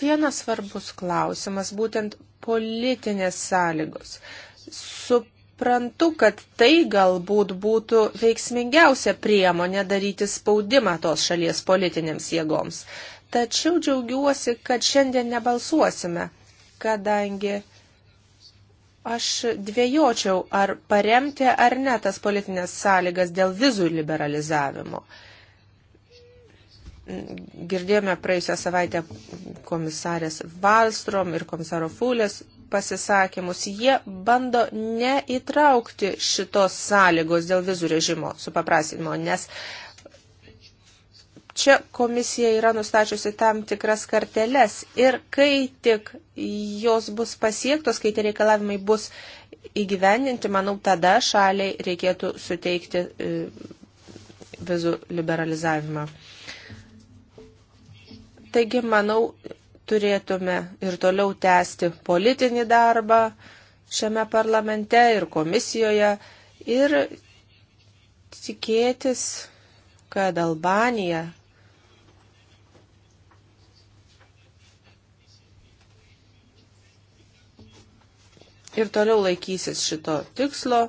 Vienas svarbus klausimas būtent politinės sąlygos. Su suprantu, kad tai galbūt būtų veiksmingiausia priemonė daryti spaudimą tos šalies politinėms jėgoms. Tačiau džiaugiuosi, kad šiandien nebalsuosime, kadangi aš dviejočiau, ar paremti ar ne tas politinės sąlygas dėl vizų liberalizavimo. Girdėjome praėjusią savaitę komisarės Valstrom ir komisaro Fulės pasisakymus, jie bando neįtraukti šitos sąlygos dėl vizų režimo supaprastinimo, nes čia komisija yra nustačiusi tam tikras karteles ir kai tik jos bus pasiektos, kai tie reikalavimai bus įgyvendinti, manau, tada šaliai reikėtų suteikti e, vizų liberalizavimą. Taigi, manau, turėtume ir toliau tęsti politinį darbą šiame parlamente ir komisijoje ir tikėtis, kad Albanija ir toliau laikysis šito tikslo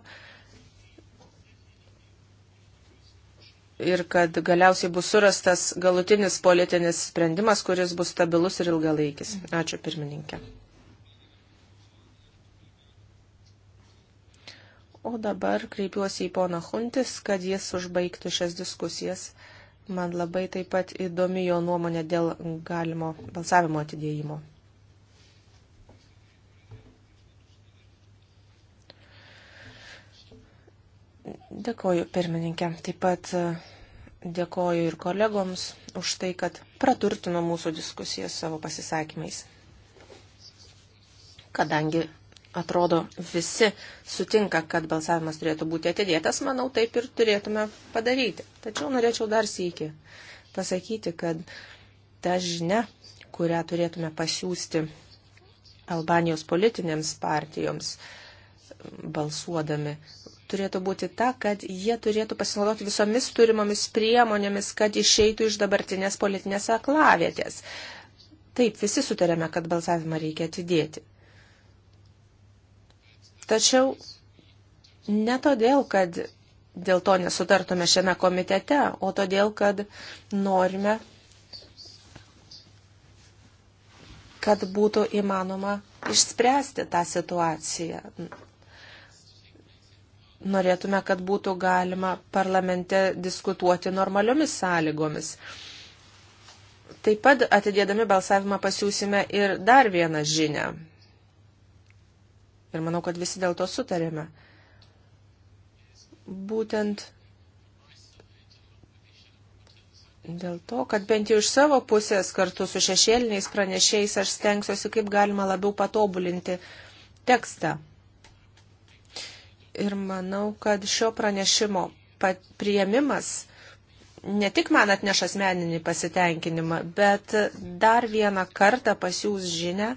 ir kad galiausiai bus surastas galutinis politinis sprendimas, kuris bus stabilus ir ilgalaikis. Ačiū pirmininkė. O dabar kreipiuosi į poną Huntis, kad jis užbaigtų šias diskusijas. Man labai taip pat įdomi jo nuomonė dėl galimo balsavimo atidėjimo. Dėkoju, pirmininkė. Taip pat Dėkoju ir kolegoms už tai, kad praturtino mūsų diskusiją savo pasisakymais. Kadangi atrodo visi sutinka, kad balsavimas turėtų būti atidėtas, manau, taip ir turėtume padaryti. Tačiau norėčiau dar sėki pasakyti, kad ta žinia, kurią turėtume pasiūsti Albanijos politinėms partijoms balsuodami turėtų būti ta, kad jie turėtų pasinaudoti visomis turimomis priemonėmis, kad išeitų iš dabartinės politinės aklavietės. Taip, visi sutarėme, kad balsavimą reikia atidėti. Tačiau ne todėl, kad dėl to nesutartume šiame komitete, o todėl, kad norime, kad būtų įmanoma išspręsti tą situaciją norėtume, kad būtų galima parlamente diskutuoti normaliomis sąlygomis. Taip pat atidėdami balsavimą pasiūsime ir dar vieną žinę. Ir manau, kad visi dėl to sutarėme. Būtent Dėl to, kad bent jau iš savo pusės kartu su šešėliniais pranešėjais aš stengsiuosi kaip galima labiau patobulinti tekstą. Ir manau, kad šio pranešimo priėmimas ne tik man atneš asmeninį pasitenkinimą, bet dar vieną kartą pasiūs žinę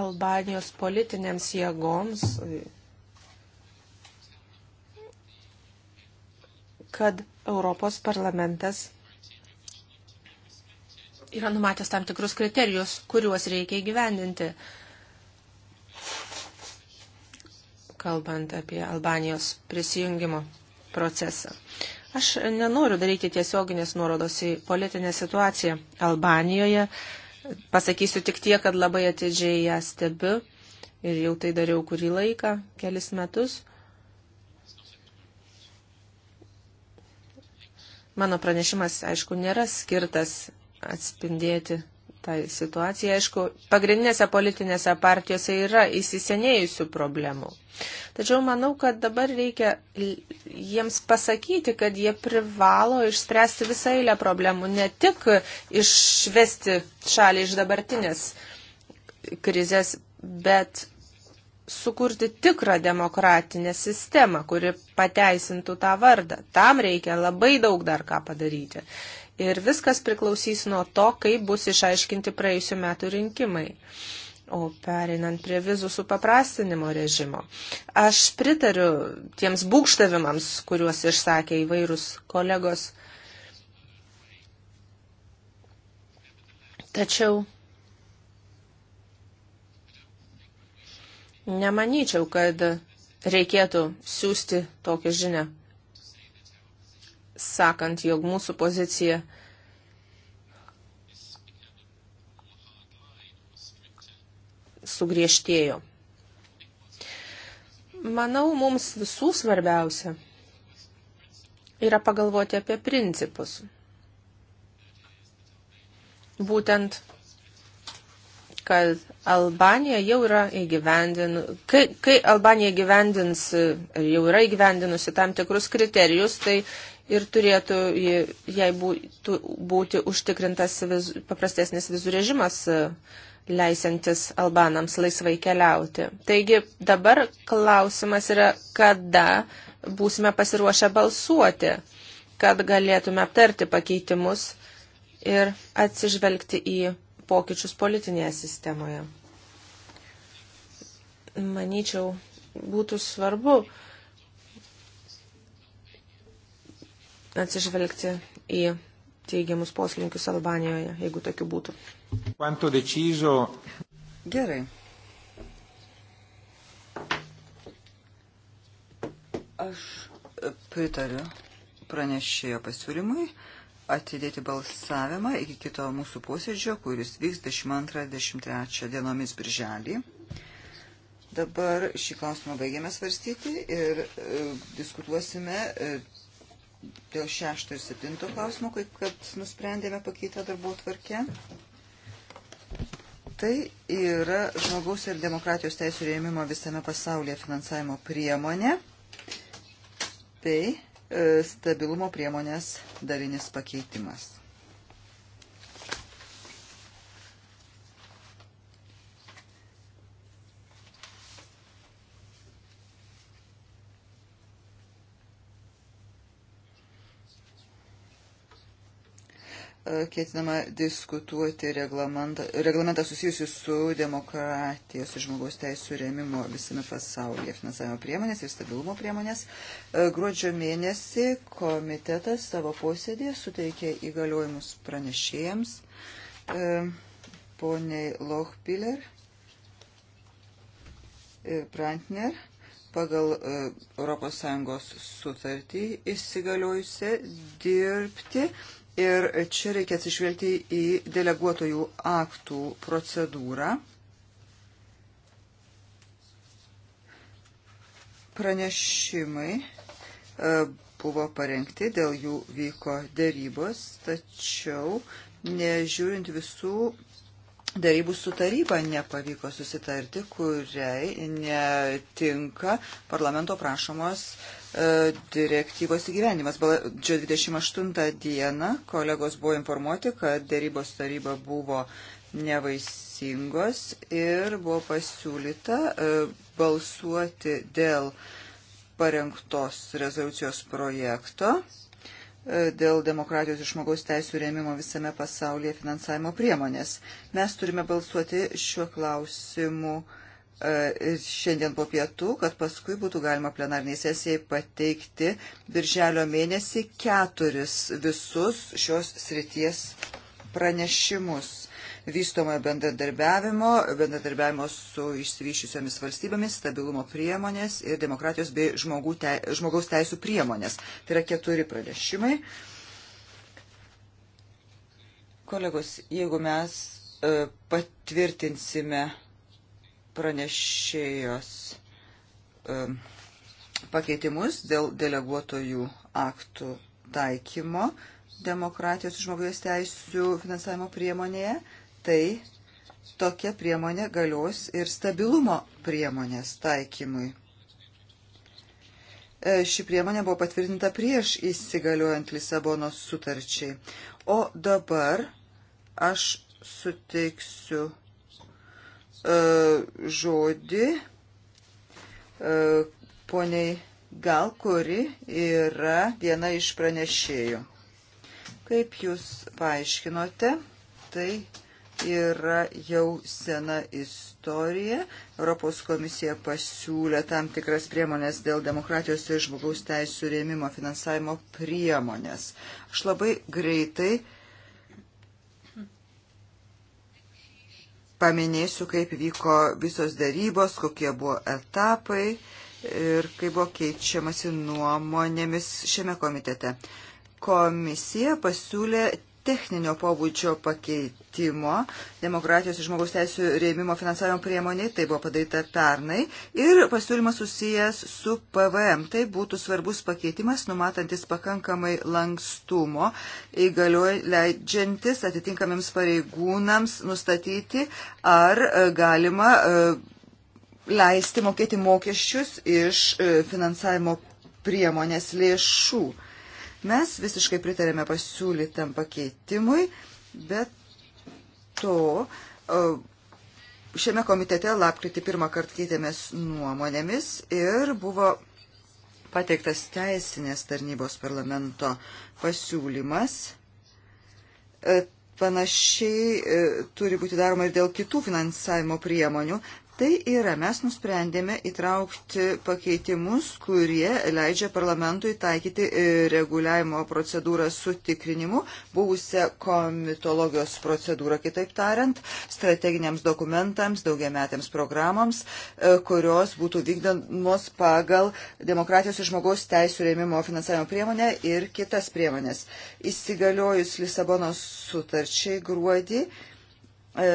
Albanijos politinėms jėgoms, kad Europos parlamentas yra numatęs tam tikrus kriterijus, kuriuos reikia įgyvendinti. kalbant apie Albanijos prisijungimo procesą. Aš nenoriu daryti tiesioginės nuorodos į politinę situaciją Albanijoje. Pasakysiu tik tie, kad labai atidžiai ją stebiu ir jau tai dariau kurį laiką, kelis metus. Mano pranešimas, aišku, nėra skirtas atspindėti tai situacijai. Aišku, pagrindinėse politinėse partijose yra įsisenėjusių problemų. Tačiau manau, kad dabar reikia jiems pasakyti, kad jie privalo išspręsti visą eilę problemų, ne tik išvesti šalį iš dabartinės krizės, bet sukurti tikrą demokratinę sistemą, kuri pateisintų tą vardą. Tam reikia labai daug dar ką padaryti ir viskas priklausys nuo to, kaip bus išaiškinti praėjusiu metu rinkimai. O pereinant prie vizų supaprastinimo režimo, aš pritariu tiems būkštavimams, kuriuos išsakė įvairūs kolegos. Tačiau nemanyčiau, kad reikėtų siūsti tokią žinią sakant, jog mūsų pozicija sugriežtėjo. Manau, mums visų svarbiausia yra pagalvoti apie principus. Būtent, kad Albanija jau yra įgyvendinusi, kai, kai Albanija gyvendins ir jau yra įgyvendinusi tam tikrus kriterijus, tai ir turėtų jai būti užtikrintas viz, paprastesnis vizų režimas, e, leisiantis albanams laisvai keliauti. Taigi dabar klausimas yra, kada būsime pasiruošę balsuoti, kad galėtume aptarti pakeitimus ir atsižvelgti į pokyčius politinėje sistemoje. Manyčiau, būtų svarbu uh, atsižvelgti į teigiamus poslinkius Albanijoje, jeigu tokių būtų. Quanto deciso... Gerai. Aš pritariu pranešėjo pasiūlymui atidėti balsavimą iki kito mūsų posėdžio, kuris vyks 22-23 dienomis birželį. Dabar šį klausimą baigėme svarstyti ir e, diskutuosime. E, dėl šešto ir septinto klausimo, kaip kad nusprendėme pakeitę darbo tvarkę. Tai yra žmogaus ir demokratijos teisų rėmimo visame pasaulyje finansavimo priemonė bei e, stabilumo priemonės dalinis pakeitimas. ketinama diskutuoti reglamentą, reglamentą susijusiu su demokratijos ir žmogaus teisų rėmimo visame pasaulyje finansavimo priemonės ir stabilumo priemonės. E, gruodžio mėnesį komitetas savo posėdėje suteikė įgaliojimus pranešėjams e, poniai Lochpiller ir Brantner pagal ES sutartį įsigaliojusią dirbti Ir čia reikia atsižvelgti į deleguotojų aktų procedūrą. Pranešimai e, buvo parengti, dėl jų vyko dėrybos, tačiau nežiūrint visų Darybų su taryba nepavyko susitarti, kuriai netinka parlamento prašomos e, direktyvos įgyvenimas. Balandžio 28 dieną kolegos buvo informuoti, kad darybos taryba buvo nevaisingos ir buvo pasiūlyta e, balsuoti dėl parengtos rezoliucijos projekto dėl demokratijos ir žmogaus teisų rėmimo visame pasaulyje finansavimo priemonės. Mes turime balsuoti šiuo klausimu e, šiandien po pietų, kad paskui būtų galima plenarniai sesijai pateikti birželio mėnesį keturis visus šios srities pranešimus vystomojo bendradarbiavimo, bendradarbiavimo su išsivyščiusiomis valstybėmis, stabilumo priemonės ir demokratijos bei te, žmogaus teisų priemonės. Tai yra keturi pranešimai. Kolegos, jeigu mes e, patvirtinsime pranešėjos e, pakeitimus dėl deleguotojų aktų taikymo demokratijos žmogaus teisų finansavimo priemonėje, tai tokia priemonė galios ir stabilumo priemonės taikymui. E, ši priemonė buvo patvirtinta prieš įsigaliojant Lisabonos sutarčiai. O dabar aš suteiksiu uh, žodį uh, poniai Gal, kuri yra viena iš pranešėjų. Kaip jūs paaiškinote, tai yra jau sena istorija. Europos komisija pasiūlė tam tikras priemonės dėl demokratijos ir žmogaus teisų rėmimo finansavimo priemonės. Aš labai greitai paminėsiu, kaip vyko visos darybos, kokie buvo etapai ir kaip buvo keičiamasi nuomonėmis šiame komitete. Komisija pasiūlė techninio pobūdžio pakeitimo demokratijos ir žmogaus teisų rėmimo finansavimo priemoniai, tai buvo padaryta pernai, ir pasiūlymas susijęs su PVM. Tai būtų svarbus pakeitimas, numatantis pakankamai lankstumo, įgalioj leidžiantis atitinkamiems pareigūnams nustatyti, ar e, galima e, leisti mokėti mokesčius iš e, finansavimo priemonės lėšų. Mes visiškai pritarėme pasiūlytam pakeitimui, bet to e, šiame komitete lapkritį pirmą kartą keitėmės nuomonėmis ir buvo pateiktas teisinės tarnybos parlamento pasiūlymas. E, panašiai e, turi būti daroma ir dėl kitų finansavimo priemonių. Tai yra, mes nusprendėme įtraukti pakeitimus, kurie leidžia parlamentui taikyti e, reguliavimo procedūrą su tikrinimu, buvusią komitologijos procedūrą, kitaip tariant, strateginiams dokumentams, daugiametėms programams, e, kurios būtų vykdomos pagal demokratijos ir žmogaus teisų rėmimo finansavimo priemonę ir kitas priemonės. Įsigaliojus Lisabonos sutarčiai gruodį. E,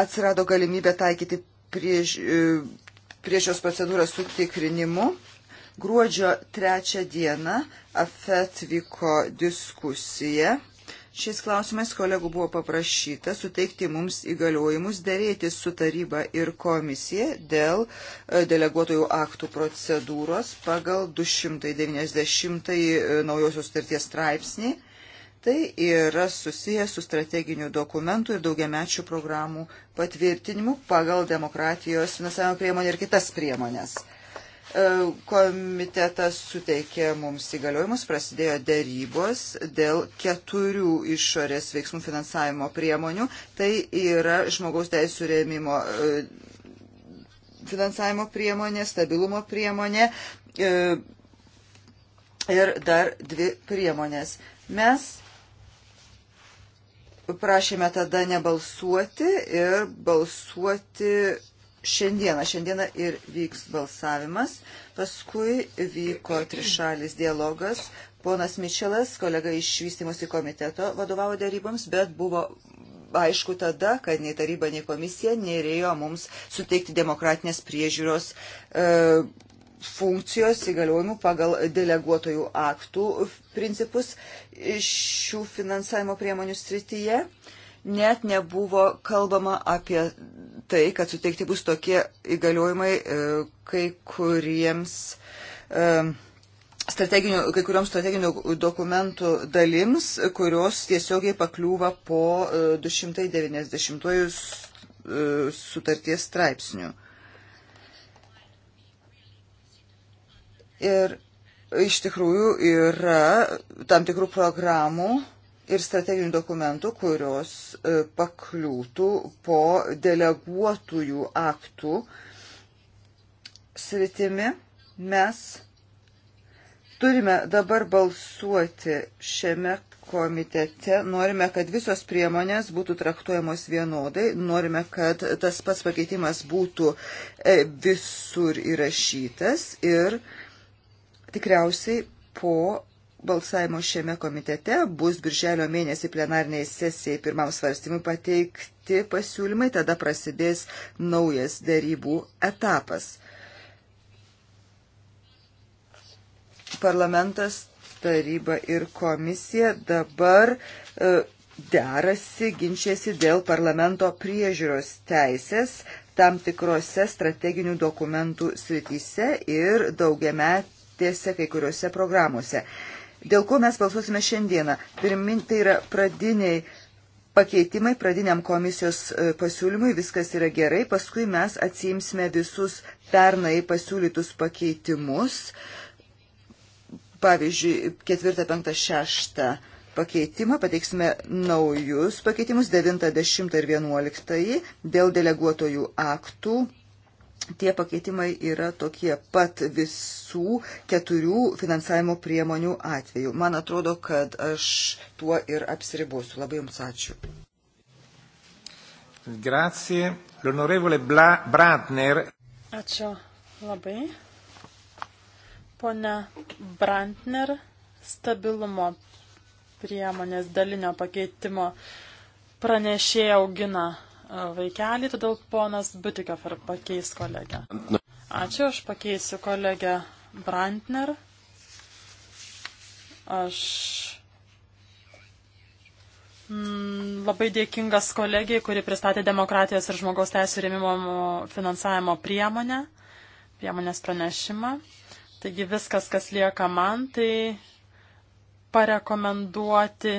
atsirado galimybė taikyti prieš, e, priešios procedūrą su tikrinimu. Gruodžio trečią dieną AFET vyko diskusija. Šiais klausimais kolegų buvo paprašyta suteikti mums įgaliojimus dėrėtis su taryba ir komisija dėl e, deleguotojų aktų procedūros pagal 290 e, naujosios starties straipsnį Tai yra susijęs su strateginių dokumentų ir daugiamečių programų patvirtinimu pagal demokratijos finansavimo priemonę ir kitas priemonės. E, komitetas suteikė mums įgaliojimus, prasidėjo dėrybos dėl keturių išorės veiksmų finansavimo priemonių. Tai yra žmogaus teisų rėmimo e, finansavimo priemonė, stabilumo priemonė e, ir dar dvi priemonės. Mes prašėme tada nebalsuoti ir balsuoti šiandieną. Šiandieną ir vyks balsavimas. Paskui vyko trišalis dialogas. Ponas Mičelas, kolega iš vystimusi komiteto, vadovavo deryboms, bet buvo aišku tada, kad nei taryba, nei komisija nerėjo mums suteikti demokratinės priežiūros e, funkcijos įgaliojimų pagal deleguotojų aktų principus šių finansavimo priemonių srityje. Net nebuvo kalbama apie tai, kad suteikti bus tokie įgaliojimai e, kai kuriems. Um, strateginių, kai kurioms strateginių dokumentų dalims, kurios tiesiogiai pakliūva po 290 e, sutarties straipsnių. Ir iš tikrųjų yra tam tikrų programų ir strateginių dokumentų, kurios e, pakliūtų po deleguotųjų aktų sritimi. Mes turime dabar balsuoti šiame komitete, norime, kad visos priemonės būtų traktuojamos vienodai, norime, kad tas pats pakeitimas būtų e, visur įrašytas ir e, tikriausiai po balsavimo šiame komitete bus birželio mėnesį plenarniai sesijai pirmam svarstymui pateikti pasiūlymai, tada prasidės naujas dėrybų etapas. Parlamentas, taryba ir komisija dabar e, derasi, ginčiasi dėl parlamento priežiūros teisės tam tikrose strateginių dokumentų srityse ir daugiamet aktėse, kai kuriuose programuose. Dėl ko mes balsuosime šiandieną? Pirmin, tai yra pradiniai pakeitimai pradiniam komisijos e, pasiūlymui, viskas yra gerai, paskui mes atsimsime visus pernai pasiūlytus pakeitimus, pavyzdžiui, ketvirtą, penktą, šeštą pakeitimą, pateiksime naujus pakeitimus, devintą, dešimtą ir vienuoliktąjį dėl deleguotojų aktų Tie pakeitimai yra tokie pat visų keturių finansavimo priemonių atveju. Man atrodo, kad aš tuo ir apsiribosiu. Labai Jums ačiū. Grazie. L'onorevole Bla Brandner. Ačiū labai. Pone Brandner, stabilumo priemonės dalinio pakeitimo pranešėja augina vaikelį, todėl ponas Butikofer pakeis kolegę. Ačiū, aš pakeisiu kolegę Brantner. Aš mm, Labai dėkingas kolegijai, kuri pristatė demokratijos ir žmogaus teisų rėmimo finansavimo priemonę, priemonės pranešimą. Taigi viskas, kas lieka man, tai parekomenduoti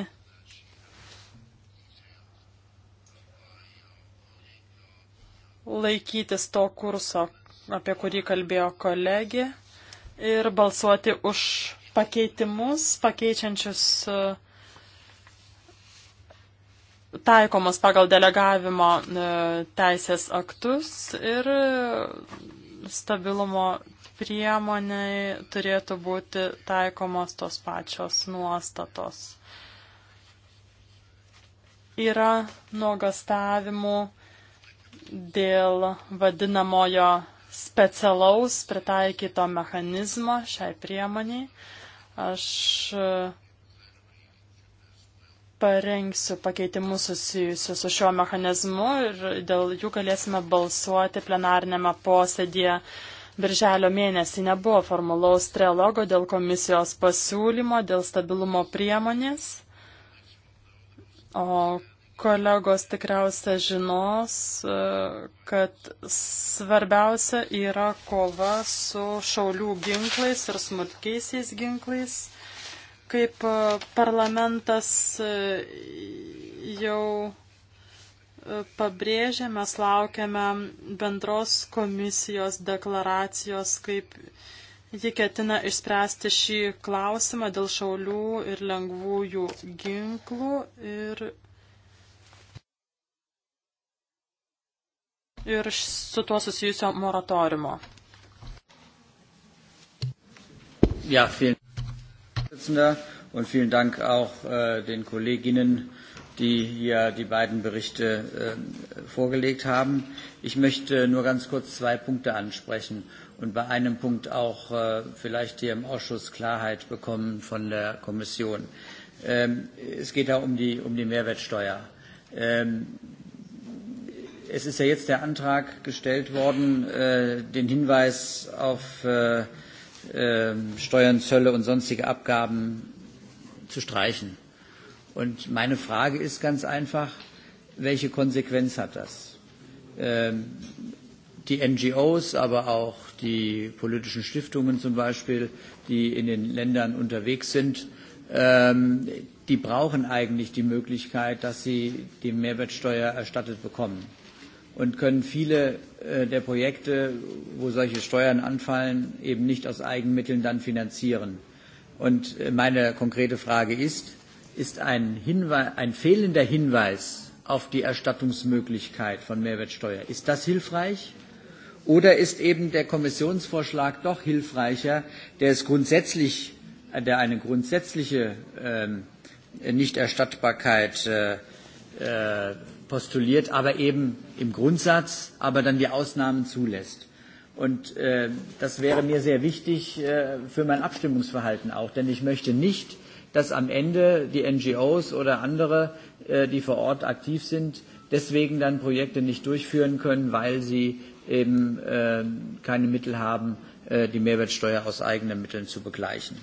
laikytis to kurso, apie kurį kalbėjo kolegė, ir balsuoti už pakeitimus, pakeičiančius e, taikomus pagal delegavimo e, teisės aktus ir stabilumo priemoniai turėtų būti taikomos tos pačios nuostatos. Yra nuogastavimų dėl vadinamojo specialaus pritaikyto mechanizmo šiai priemoniai. Aš e, parengsiu pakeitimus susijusius su šiuo mechanizmu ir dėl jų galėsime balsuoti plenarnėme posėdėje. Birželio mėnesį nebuvo formalaus trialogo dėl komisijos pasiūlymo, dėl stabilumo priemonės. O kolegos tikriausia žinos, e, kad svarbiausia yra kova su šaulių ginklais ir smutkiaisiais ginklais. Kaip e, parlamentas e, jau pabrėžė, mes laukiame bendros komisijos deklaracijos, kaip ji ketina išspręsti šį klausimą dėl šaulių ir lengvųjų ginklų. Ir ir su tuo susijusio moratorimo. Ja, vielen Dank, und vielen Dank auch äh, den Kolleginnen, die hier die beiden Berichte äh, vorgelegt haben. Ich möchte nur ganz kurz zwei Punkte ansprechen und bei einem Punkt auch äh, vielleicht hier im Ausschuss Klarheit bekommen von der Kommission. Ähm, es geht da um die, um die Mehrwertsteuer. Ähm, Es ist ja jetzt der Antrag gestellt worden, äh, den Hinweis auf äh, äh, Steuern, Zölle und sonstige Abgaben zu streichen. Und meine Frage ist ganz einfach, welche Konsequenz hat das? Ähm, die NGOs, aber auch die politischen Stiftungen zum Beispiel, die in den Ländern unterwegs sind, ähm, die brauchen eigentlich die Möglichkeit, dass sie die Mehrwertsteuer erstattet bekommen und können viele äh, der Projekte, wo solche Steuern anfallen, eben nicht aus Eigenmitteln dann finanzieren. Und äh, meine konkrete Frage ist, ist ein, Hinweis, ein fehlender Hinweis auf die Erstattungsmöglichkeit von Mehrwertsteuer, ist das hilfreich? Oder ist eben der Kommissionsvorschlag doch hilfreicher, der es grundsätzlich, äh, der eine grundsätzliche äh, Nichterstattbarkeit äh, äh, postuliert, aber eben im Grundsatz, aber dann die Ausnahmen zulässt. Und äh, das wäre mir sehr wichtig äh, für mein Abstimmungsverhalten auch, denn ich möchte nicht, dass am Ende die NGOs oder andere, äh, die vor Ort aktiv sind, deswegen dann Projekte nicht durchführen können, weil sie eben äh, keine Mittel haben, äh, die Mehrwertsteuer aus eigenen Mitteln zu begleichen.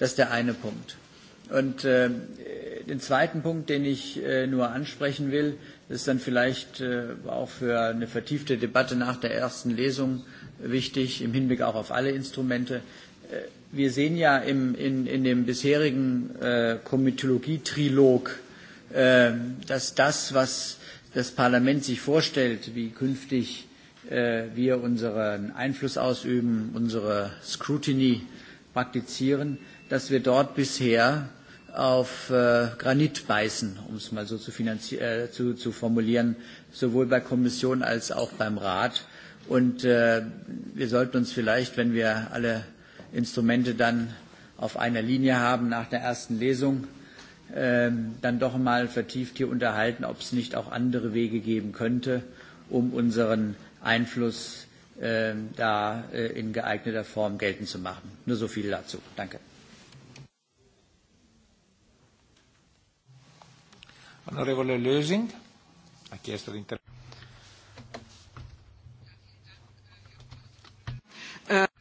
Das ist der eine Punkt. Und äh, den zweiten Punkt, den ich äh, nur ansprechen will, ist dann vielleicht äh, auch für eine vertiefte Debatte nach der ersten Lesung wichtig, im Hinblick auch auf alle Instrumente. Äh, wir sehen ja im, in, in dem bisherigen äh, Komitologie-Trilog, äh, dass das, was das Parlament sich vorstellt, wie künftig äh, wir unseren Einfluss ausüben, unsere Scrutiny praktizieren, dass wir dort bisher äh, auf äh, Granit beißen, um es mal so zu, äh, zu, zu formulieren, sowohl bei Kommission als auch beim Rat. Und äh, wir sollten uns vielleicht, wenn wir alle Instrumente dann auf einer Linie haben nach der ersten Lesung, äh, dann doch mal vertieft hier unterhalten, ob es nicht auch andere Wege geben könnte, um unseren Einfluss äh, da äh, in geeigneter Form geltend zu machen. Nur so viel dazu. Danke. Onorevole Lösing ha chiesto di intervenire.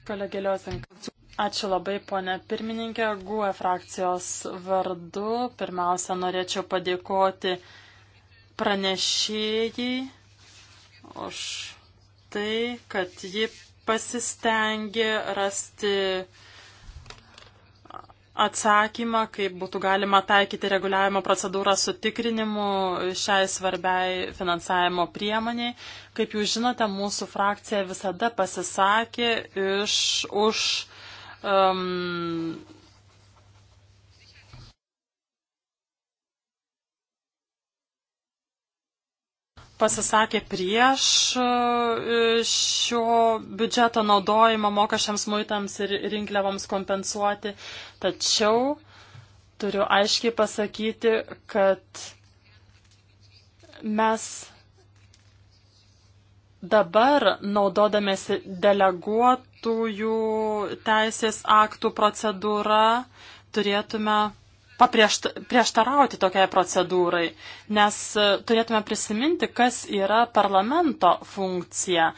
Kolegė Liozink. Ačiū labai, ponė pirmininkė. GUE frakcijos vardu pirmiausia norėčiau padėkoti pranešėjai už tai, kad ji pasistengė rasti uh, atsakymą, kaip būtų galima taikyti reguliavimo procedūrą su tikrinimu šiai svarbiai finansavimo priemoniai. Kaip jūs žinote, mūsų frakcija visada pasisakė iš, už um, pasisakė prieš e, šio biudžeto naudojimą mokesčiams muitams ir rinkliavams kompensuoti, tačiau turiu aiškiai pasakyti, kad mes dabar, naudodamėsi deleguotųjų teisės aktų procedūra, turėtume paprieštarauti tokiai procedūrai, nes e, turėtume prisiminti, kas yra parlamento funkcija.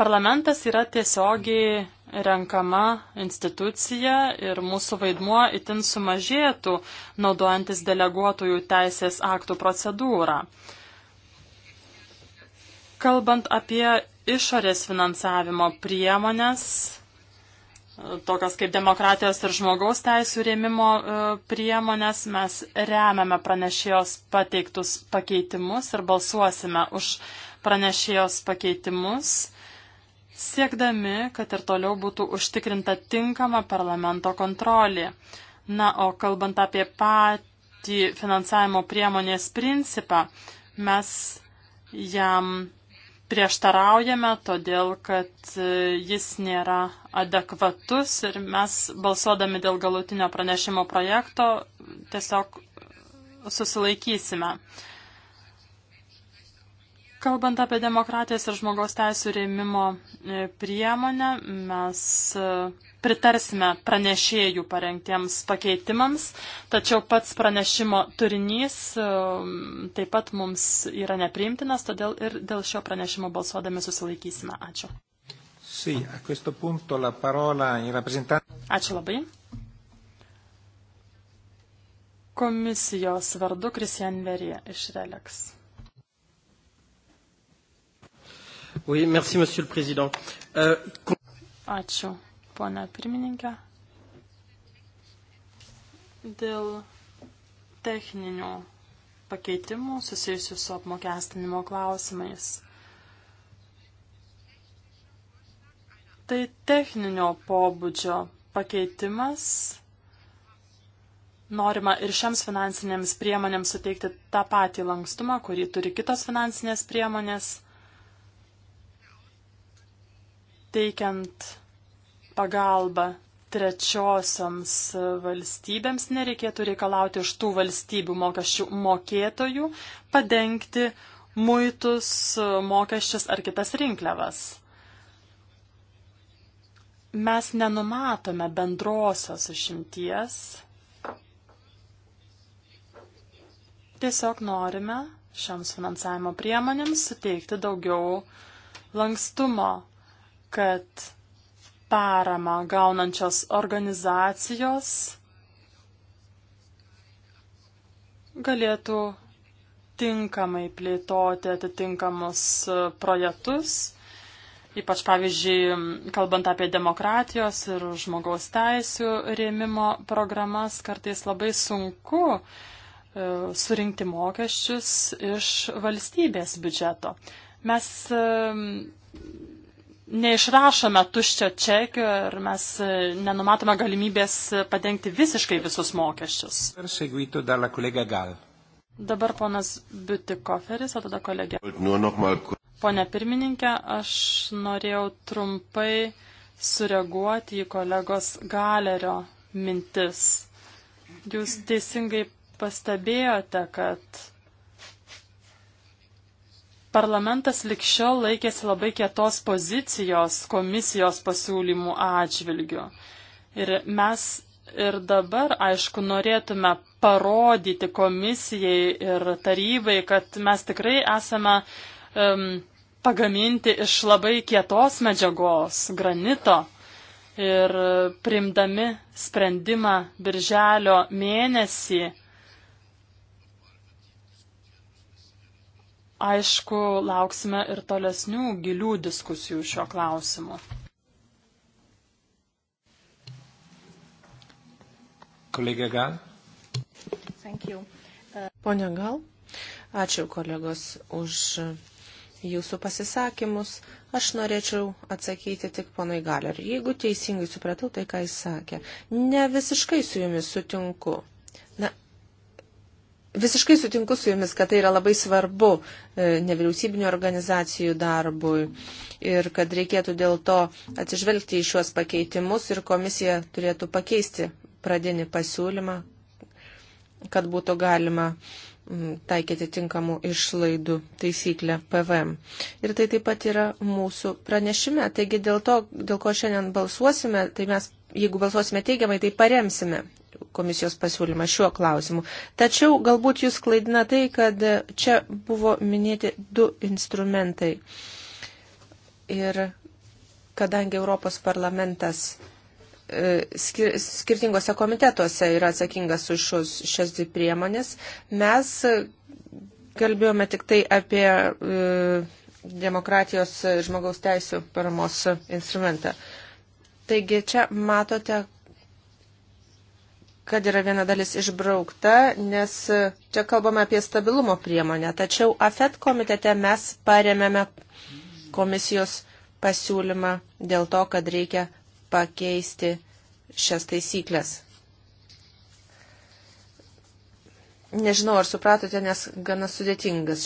Parlamentas yra tiesiogiai renkama institucija ir mūsų vaidmuo itin sumažėtų, naudojantis deleguotojų teisės aktų procedūrą. Kalbant apie išorės finansavimo priemonės, tokios kaip demokratijos ir žmogaus teisų rėmimo e, priemonės. Mes remiame pranešėjos pateiktus pakeitimus ir balsuosime už pranešėjos pakeitimus, siekdami, kad ir toliau būtų užtikrinta tinkama parlamento kontrolė. Na, o kalbant apie patį finansavimo priemonės principą, mes jam prieštaraujame, todėl kad e, jis nėra adekvatus ir mes balsuodami dėl galutinio pranešimo projekto tiesiog e, susilaikysime. Kalbant apie demokratijos ir žmogaus teisų rėmimo e, priemonę, mes e, pritarsime pranešėjų parengtiems pakeitimams, tačiau pats pranešimo turinys e, taip pat mums yra nepriimtinas, todėl ir dėl šio pranešimo balsuodami susilaikysime. Ačiū. Sì, a questo punto la parola in rappresentante. Ačiū labai. Komisijos vardu Kristian Verija iš Releks. Oui, merci, monsieur le président. Euh... Ačiū, ponia pirmininkė. Dėl techninių pakeitimų susijusių su apmokestinimo klausimais. Tai techninio pobūdžio pakeitimas. Norima ir šiams finansinėms priemonėms suteikti tą patį lankstumą, kurį turi kitos finansinės priemonės. teikiant pagalbą trečiosioms valstybėms nereikėtų reikalauti iš tų valstybių mokesčių mokėtojų padengti muitus, mokesčius ar kitas rinkliavas. Mes nenumatome bendrosios išimties. Tiesiog norime šioms finansavimo priemonėms suteikti daugiau lankstumo kad paramą gaunančios organizacijos galėtų tinkamai plėtoti atitinkamus projektus, ypač pavyzdžiui, kalbant apie demokratijos ir žmogaus teisų rėmimo programas, kartais labai sunku e, surinkti mokesčius iš valstybės biudžeto. Mes e, neišrašome tuščio čekio ir mes e, nenumatome galimybės padengti visiškai visus mokesčius. Dabar ponas Biutikoferis, o tada kolegė. Nu, nu, nu, Pone pirmininkė, aš norėjau trumpai sureaguoti į kolegos galerio mintis. Jūs teisingai pastebėjote, kad Parlamentas likščiau laikėsi labai kietos pozicijos komisijos pasiūlymų atžvilgių. Ir mes ir dabar, aišku, norėtume parodyti komisijai ir tarybai, kad mes tikrai esame um, pagaminti iš labai kietos medžiagos, granito. Ir primdami sprendimą birželio mėnesį aišku, lauksime ir tolesnių gilių diskusijų šiuo klausimu. Kolega Gal. Pone Gal, ačiū kolegos už jūsų pasisakymus. Aš norėčiau atsakyti tik ponai Galer. Jeigu teisingai supratau tai, ką jis sakė, ne visiškai su jumis sutinku. Na, Visiškai sutinku su jumis, kad tai yra labai svarbu e, nevyriausybinio organizacijų darbui ir kad reikėtų dėl to atsižvelgti į šiuos pakeitimus ir komisija turėtų pakeisti pradinį pasiūlymą, kad būtų galima mm, taikyti tinkamų išlaidų taisyklę PVM. Ir tai taip pat yra mūsų pranešime. Taigi dėl to, dėl ko šiandien balsuosime, tai mes, jeigu balsuosime teigiamai, tai paremsime komisijos pasiūlymą šiuo klausimu. Tačiau galbūt jūs klaidina tai, kad čia buvo minėti du instrumentai. Ir kadangi Europos parlamentas e, skir skirtingose komitetuose yra atsakingas už šias dvi priemonės, mes kalbėjome tik tai apie e, demokratijos žmogaus teisų paramos instrumentą. Taigi čia matote, kad yra viena dalis išbraukta, nes čia kalbame apie stabilumo priemonę. Tačiau AFET komitete mes paremėme komisijos pasiūlymą dėl to, kad reikia pakeisti šias taisyklės. Nežinau, ar supratote, nes gana sudėtingas,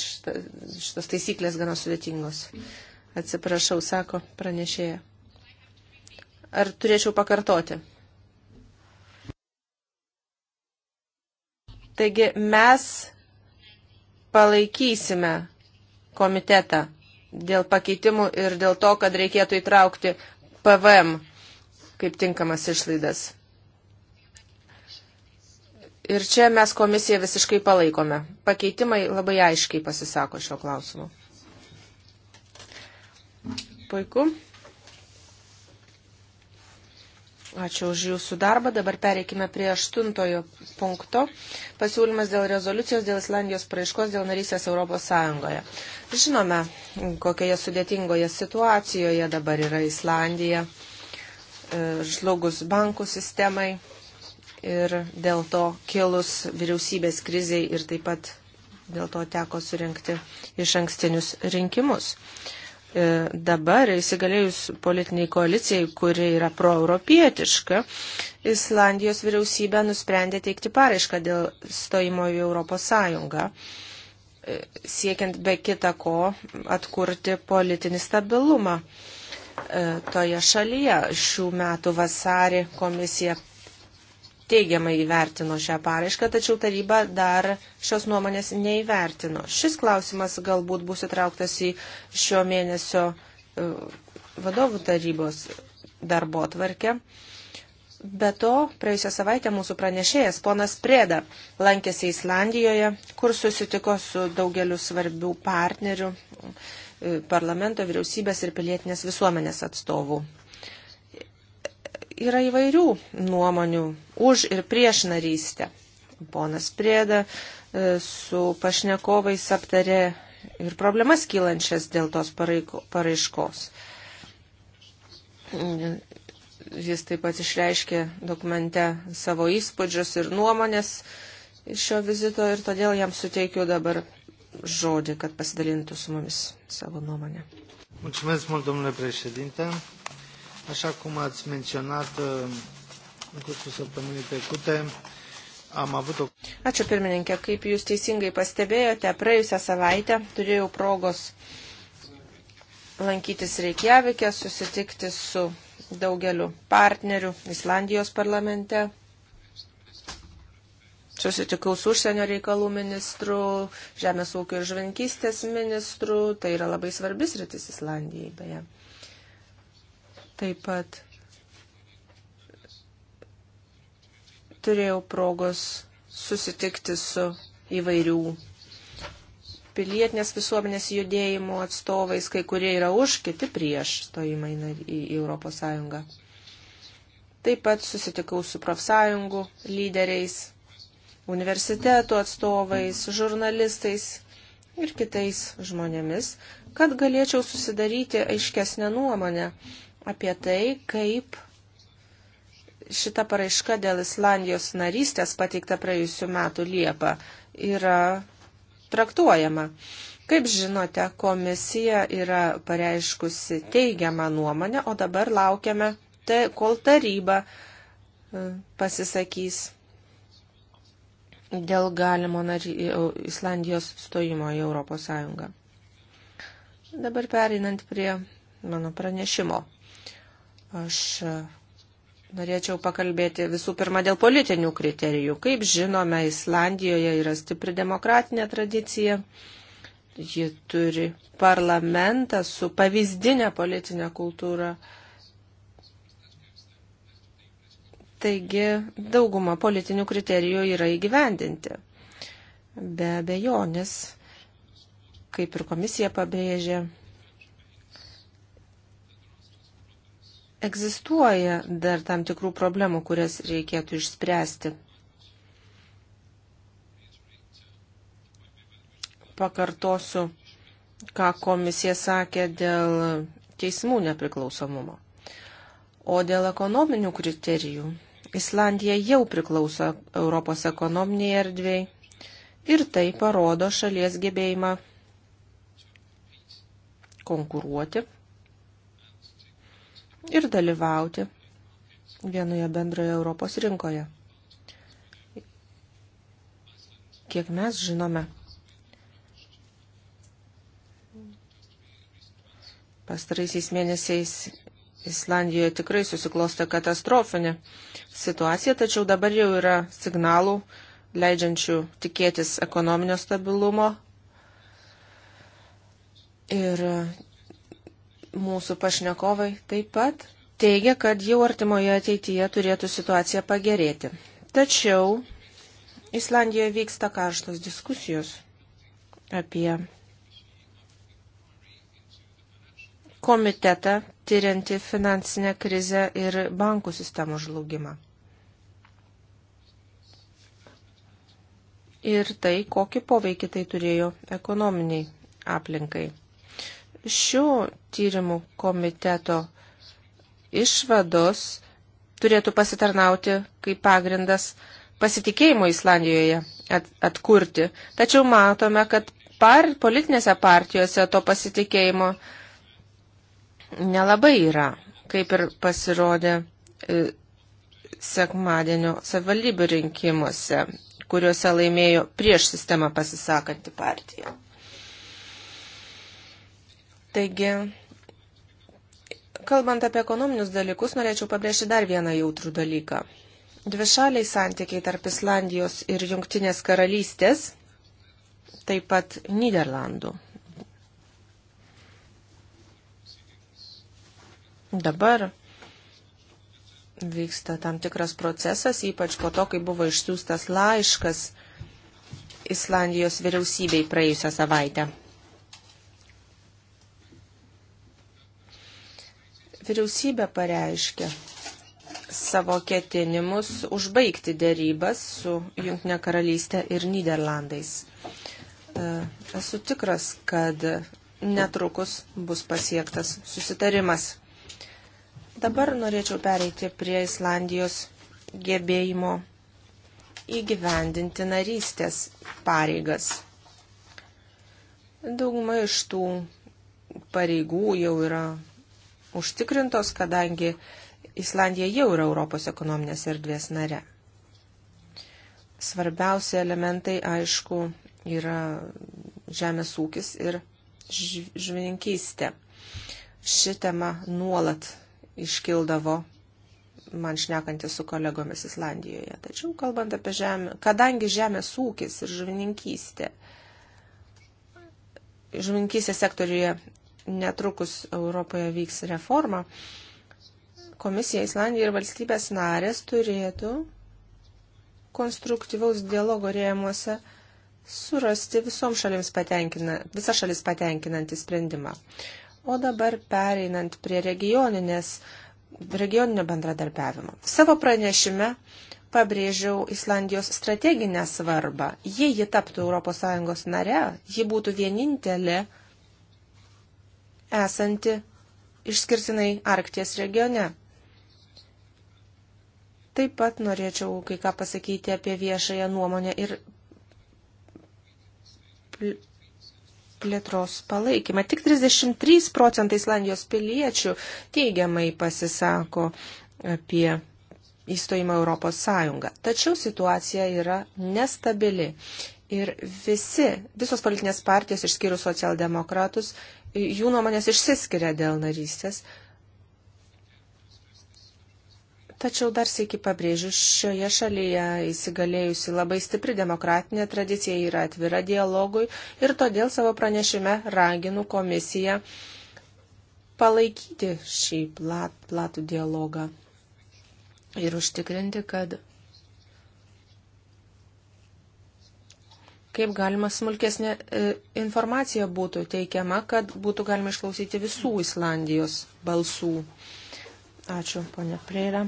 šitas taisyklės gana sudėtingos. Atsiprašau, sako pranešėja. Ar turėčiau pakartoti? Taigi mes palaikysime komitetą dėl pakeitimų ir dėl to, kad reikėtų įtraukti PVM kaip tinkamas išlaidas. Ir čia mes komisiją visiškai palaikome. Pakeitimai labai aiškiai pasisako šio klausimu. Puiku. Ačiū už jūsų darbą. Dabar pereikime prie aštuntojo punkto. Pasiūlymas dėl rezoliucijos dėl Islandijos praaiškos dėl narysės Europos Sąjungoje. Žinome, kokioje sudėtingoje situacijoje dabar yra Islandija, e, žlugus bankų sistemai ir dėl to kilus vyriausybės kriziai ir taip pat dėl to teko surinkti iš ankstinius rinkimus. E, dabar įsigalėjus politiniai koalicijai, kuri yra proeuropietiška, Islandijos vyriausybė nusprendė teikti paraišką dėl stojimo į Europos Sąjungą, e, siekiant be kita ko atkurti politinį stabilumą e, toje šalyje. Šių metų vasarį komisija teigiamai įvertino šią paraišką, tačiau taryba dar šios nuomonės neįvertino. Šis klausimas galbūt bus įtrauktas į šio mėnesio e, vadovų tarybos darbo tvarkę. Be to, praėjusią savaitę mūsų pranešėjas ponas Prėda lankėsi Islandijoje, kur susitiko su daugeliu svarbių partnerių e, parlamento, vyriausybės ir pilietinės visuomenės atstovų yra įvairių nuomonių už ir prieš narystę. Ponas Prieda e, su pašnekovais aptarė ir problemas kylančias dėl tos paraiškos. Jis taip pat išreiškė dokumente savo įspūdžius ir nuomonės iš šio vizito ir todėl jam suteikiu dabar žodį, kad pasidalintų su mumis savo nuomonę. Mulțumesc mult, domnule președinte. Așa cum ați menționat uh, în cursul săptămânii trecute, am avut o... Ačiū pirmininkė, kaip jūs teisingai pastebėjote, praėjusią savaitę turėjau progos lankytis Reikjavikė, susitikti su daugeliu partnerių Islandijos parlamente. Susitikau su užsienio reikalų ministru, žemės ūkio ir žvenkystės ministru. Tai yra labai svarbis rytis Islandijai, beje. Taip pat turėjau progos susitikti su įvairių pilietinės visuomenės judėjimų atstovais, kai kurie yra už, kiti prieš stojimą į Europos Sąjungą. Taip pat susitikau su profsąjungų lyderiais, universitetų atstovais, žurnalistais ir kitais žmonėmis, kad galėčiau susidaryti aiškesnę nuomonę apie tai, kaip šita paraiška dėl Islandijos narystės pateikta praėjusiu metu Liepą yra traktuojama. Kaip žinote, komisija yra pareiškusi teigiamą nuomonę, o dabar laukiame, te, kol taryba e, pasisakys dėl galimo nary, e, Islandijos stojimo į Europos Sąjungą. Dabar pereinant prie mano pranešimo. Aš e, norėčiau pakalbėti visų pirma dėl politinių kriterijų. Kaip žinome, Islandijoje yra stipri demokratinė tradicija. Ji turi parlamentą su pavyzdinė politinė kultūra. Taigi dauguma politinių kriterijų yra įgyvendinti. Be abejonės, kaip ir komisija pabrėžė, Egzistuoja dar tam tikrų problemų, kurias reikėtų išspręsti. Pakartosiu, ką komisija sakė dėl teismų nepriklausomumo. O dėl ekonominių kriterijų, Islandija jau priklauso Europos ekonominiai erdvėjai ir tai parodo šalies gebėjimą konkuruoti ir dalyvauti vienoje bendroje Europos rinkoje. Kiek mes žinome, pastaraisiais mėnesiais Islandijoje tikrai susiklosta katastrofinė situacija, tačiau dabar jau yra signalų leidžiančių tikėtis ekonominio stabilumo ir Mūsų pašnekovai taip pat teigia, kad jau artimoje ateityje turėtų situacija pagerėti. Tačiau Islandijoje vyksta karštos diskusijos apie komitetą tyrianti finansinę krizę ir bankų sistemų žlugimą. Ir tai, kokį poveikį tai turėjo ekonominiai aplinkai šių tyrimų komiteto išvados turėtų pasitarnauti kaip pagrindas pasitikėjimo Islandijoje atkurti. Tačiau matome, kad par, politinėse partijose to pasitikėjimo nelabai yra, kaip ir pasirodė e, sekmadienio savivaldybių rinkimuose, kuriuose laimėjo prieš sistemą pasisakanti partija. Taigi, kalbant apie ekonominius dalykus, norėčiau pabrėžti dar vieną jautrų dalyką. Dvišaliai santykiai tarp Islandijos ir Junktinės karalystės, taip pat Niderlandų. Dabar vyksta tam tikras procesas, ypač po to, kai buvo išsiųstas laiškas Islandijos vyriausybei praėjusią savaitę. Vyriausybė pareiškė savo ketinimus užbaigti dėrybas su Junktinė karalystė ir Niderlandais. E, esu tikras, kad netrukus bus pasiektas susitarimas. Dabar norėčiau pereiti prie Islandijos gebėjimo įgyvendinti narystės pareigas. Dauguma iš tų pareigų jau yra užtikrintos, kadangi Islandija jau yra Europos ekonominės erdvės nare. Svarbiausi elementai, aišku, yra žemės ūkis ir žvininkystė. Ši tema nuolat iškildavo man šnekantis su kolegomis Islandijoje. Tačiau kalbant apie žemę, kadangi žemės ūkis ir žuvininkystė, žuvininkystės sektoriuje netrukus Europoje vyks reforma, komisija Islandija ir valstybės narės turėtų konstruktyvaus dialogo rėmuose surasti visoms šalims patenkina, visą šalis patenkinantį sprendimą. O dabar pereinant prie regioninės, regioninio bendradarbiavimo. Savo pranešime pabrėžiau Islandijos strateginę svarbą. Jei ji taptų ES nare, ji būtų vienintelė esanti išskirtinai Arkties regione. Taip pat norėčiau kai ką pasakyti apie viešąją nuomonę ir plėtros palaikymą. Tik 33 procentai Islandijos piliečių teigiamai pasisako apie įstojimą Europos Sąjungą. Tačiau situacija yra nestabili. Ir visi, visos politinės partijos, išskyrus socialdemokratus, jų nuomonės išsiskiria dėl narystės. Tačiau dar sėki pabrėžiu, šioje šalyje įsigalėjusi labai stipri demokratinė tradicija yra atvira dialogui ir todėl savo pranešime raginu komisiją palaikyti šį plat, platų dialogą ir užtikrinti, kad kaip galima smulkesnė e, informacija būtų teikiama, kad būtų galima išklausyti visų Islandijos balsų. Ačiū, ponia Preira.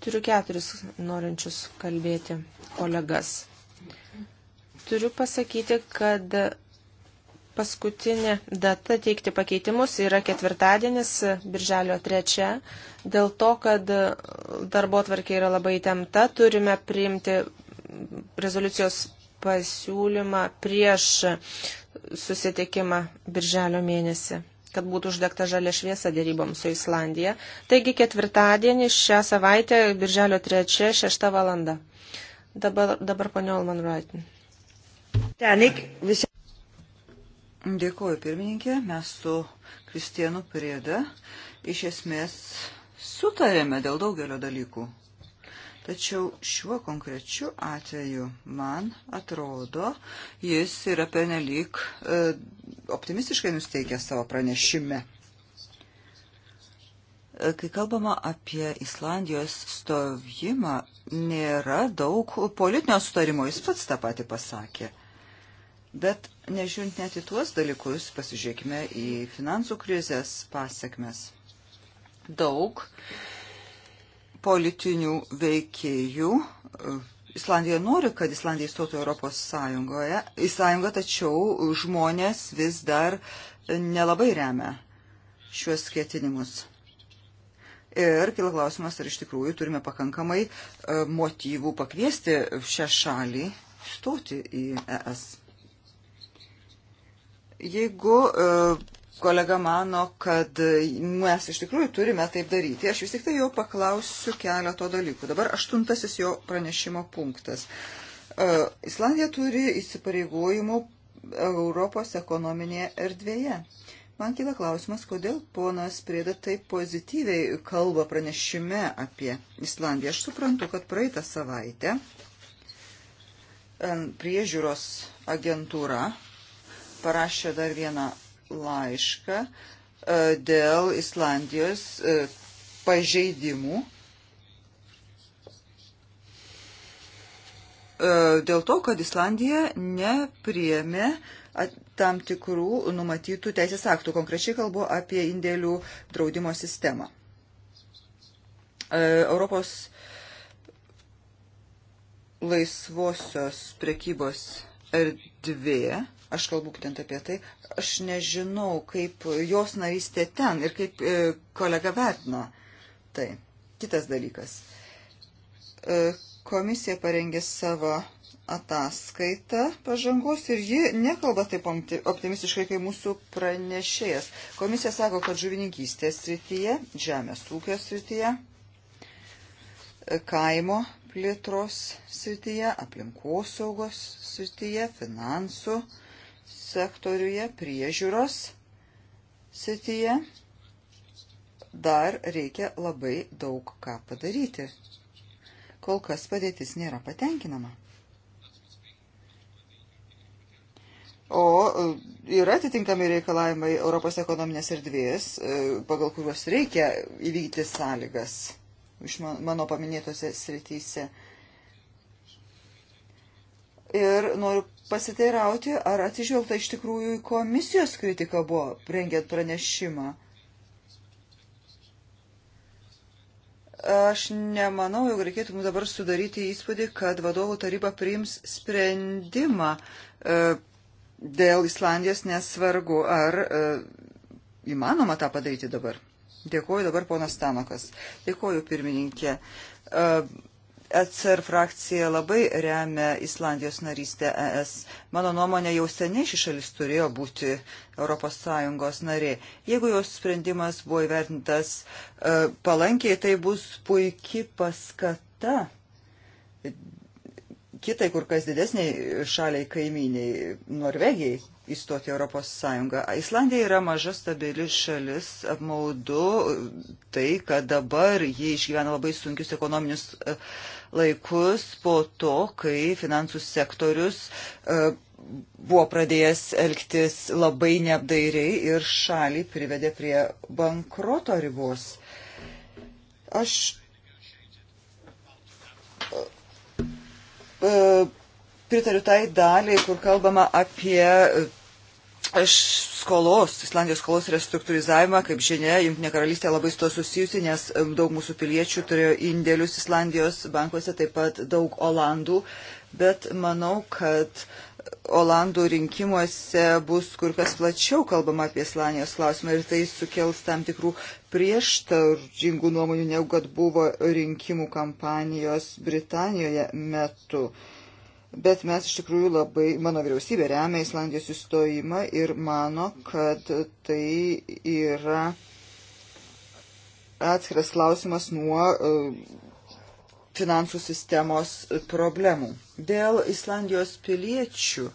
Turiu keturis norinčius kalbėti kolegas. Turiu pasakyti, kad paskutinė data teikti pakeitimus yra ketvirtadienis, birželio trečia. Dėl to, kad darbo tvarkė yra labai temta, turime priimti rezoliucijos pasiūlymą prieš susitikimą birželio mėnesį kad būtų uždegta žalia šviesa dėryboms su Islandija. Taigi ketvirtadienį šią savaitę, birželio 3-6 valanda. Dabar, dabar ponio Olman Raitin. Tenik, visi. Dėkuoju, pirmininkė. Mes su Kristienu Prieda iš esmės sutarėme dėl daugelio dalykų. Tačiau šiuo konkrečiu atveju, man atrodo, jis yra pernelyg e, optimistiškai nusteikęs savo pranešime. E, kai kalbama apie Islandijos stovimą, nėra daug politinio sutarimo, jis pats tą patį pasakė. Bet nežiūrint net į tuos dalykus, pasižiūrėkime į finansų krizės pasiekmes. Daug politinių veikėjų. Islandija nori, kad Islandija įstotų Europos Sąjungoje, į Sąjungą, tačiau žmonės vis dar nelabai remia šiuos ketinimus. Ir kila klausimas, ar iš tikrųjų turime pakankamai e, motyvų pakviesti šią šalį stoti į ES. Jeigu e, kolega mano, kad mes iš tikrųjų turime taip daryti. Aš vis tik tai jo paklausiu keleto dalykų. Dabar aštuntasis jo pranešimo punktas. E, Islandija turi įsipareigojimų Europos ekonominėje erdvėje. Man kyla klausimas, kodėl ponas Prieda taip pozityviai kalba pranešime apie Islandiją. Aš suprantu, kad praeitą savaitę e, priežiūros agentūra parašė dar vieną laišką e, dėl Islandijos e, pažeidimų. E, dėl to, kad Islandija nepriemė tam tikrų numatytų teisės aktų. Konkrečiai kalbu apie indėlių draudimo sistemą. Europos laisvosios prekybos erdvė aš kalbu būtent apie tai, aš nežinau, kaip jos narystė ten ir kaip e, kolega vertino. Tai kitas dalykas. E, komisija parengė savo ataskaitą pažangos ir ji nekalba taip optimistiškai, kaip mūsų pranešėjas. Komisija sako, kad žuvininkystės srityje, žemės ūkio srityje, e, kaimo plėtros srityje, aplinkosaugos srityje, finansų srityje, sektoriuje, priežiūros sityje dar reikia labai daug ką padaryti. Kol kas padėtis nėra patenkinama. O e, yra atitinkami reikalavimai Europos ekonominės erdvės, e, pagal kuriuos reikia įvykdyti sąlygas iš mano paminėtose srityse ir noriu pasiteirauti, ar atsižvelgta iš tikrųjų į komisijos kritiką buvo rengiant pranešimą. Aš nemanau, jog reikėtų mums dabar sudaryti įspūdį, kad vadovų taryba priims sprendimą e, dėl Islandijos, nesvargu, ar e, įmanoma tą padaryti dabar. Dėkuoju dabar ponas Stanokas. Dėkuoju pirmininkė. E, ECR frakcija labai remia Islandijos narystę ES. Mano nuomonė, jau seniai ši šalis turėjo būti ES narė. Jeigu jos sprendimas buvo įvertintas e, palankiai, tai bus puikiai paskata kitai kur kas didesniai šaliai kaiminiai Norvegijai įstoti Europos Sąjungą. Islandija yra maža stabili šalis, apmaudu tai, kad dabar jie išgyvena labai sunkius ekonominius e, laikus po to, kai finansų sektorius e, buvo pradėjęs elgtis labai neapdairiai ir šalį privedė prie bankroto ribos. Aš e, pritariu tai daliai, kur kalbama apie Aš skolos, Islandijos skolos restruktūrizavimą, kaip žinia, Junktinė karalystė labai su to susijusi, nes daug mūsų piliečių turėjo indėlius Islandijos bankuose, taip pat daug Olandų, bet manau, kad Olandų rinkimuose bus kur kas plačiau kalbama apie Islandijos klausimą ir tai sukels tam tikrų prieštaržingų nuomonių, negu kad buvo rinkimų kampanijos Britanijoje metu. Uh, Bet mes iš tikrųjų labai, mano vyriausybė remia Islandijos įstojimą ir mano, kad tai yra atskiras klausimas nuo e, finansų sistemos problemų. Dėl Islandijos piliečių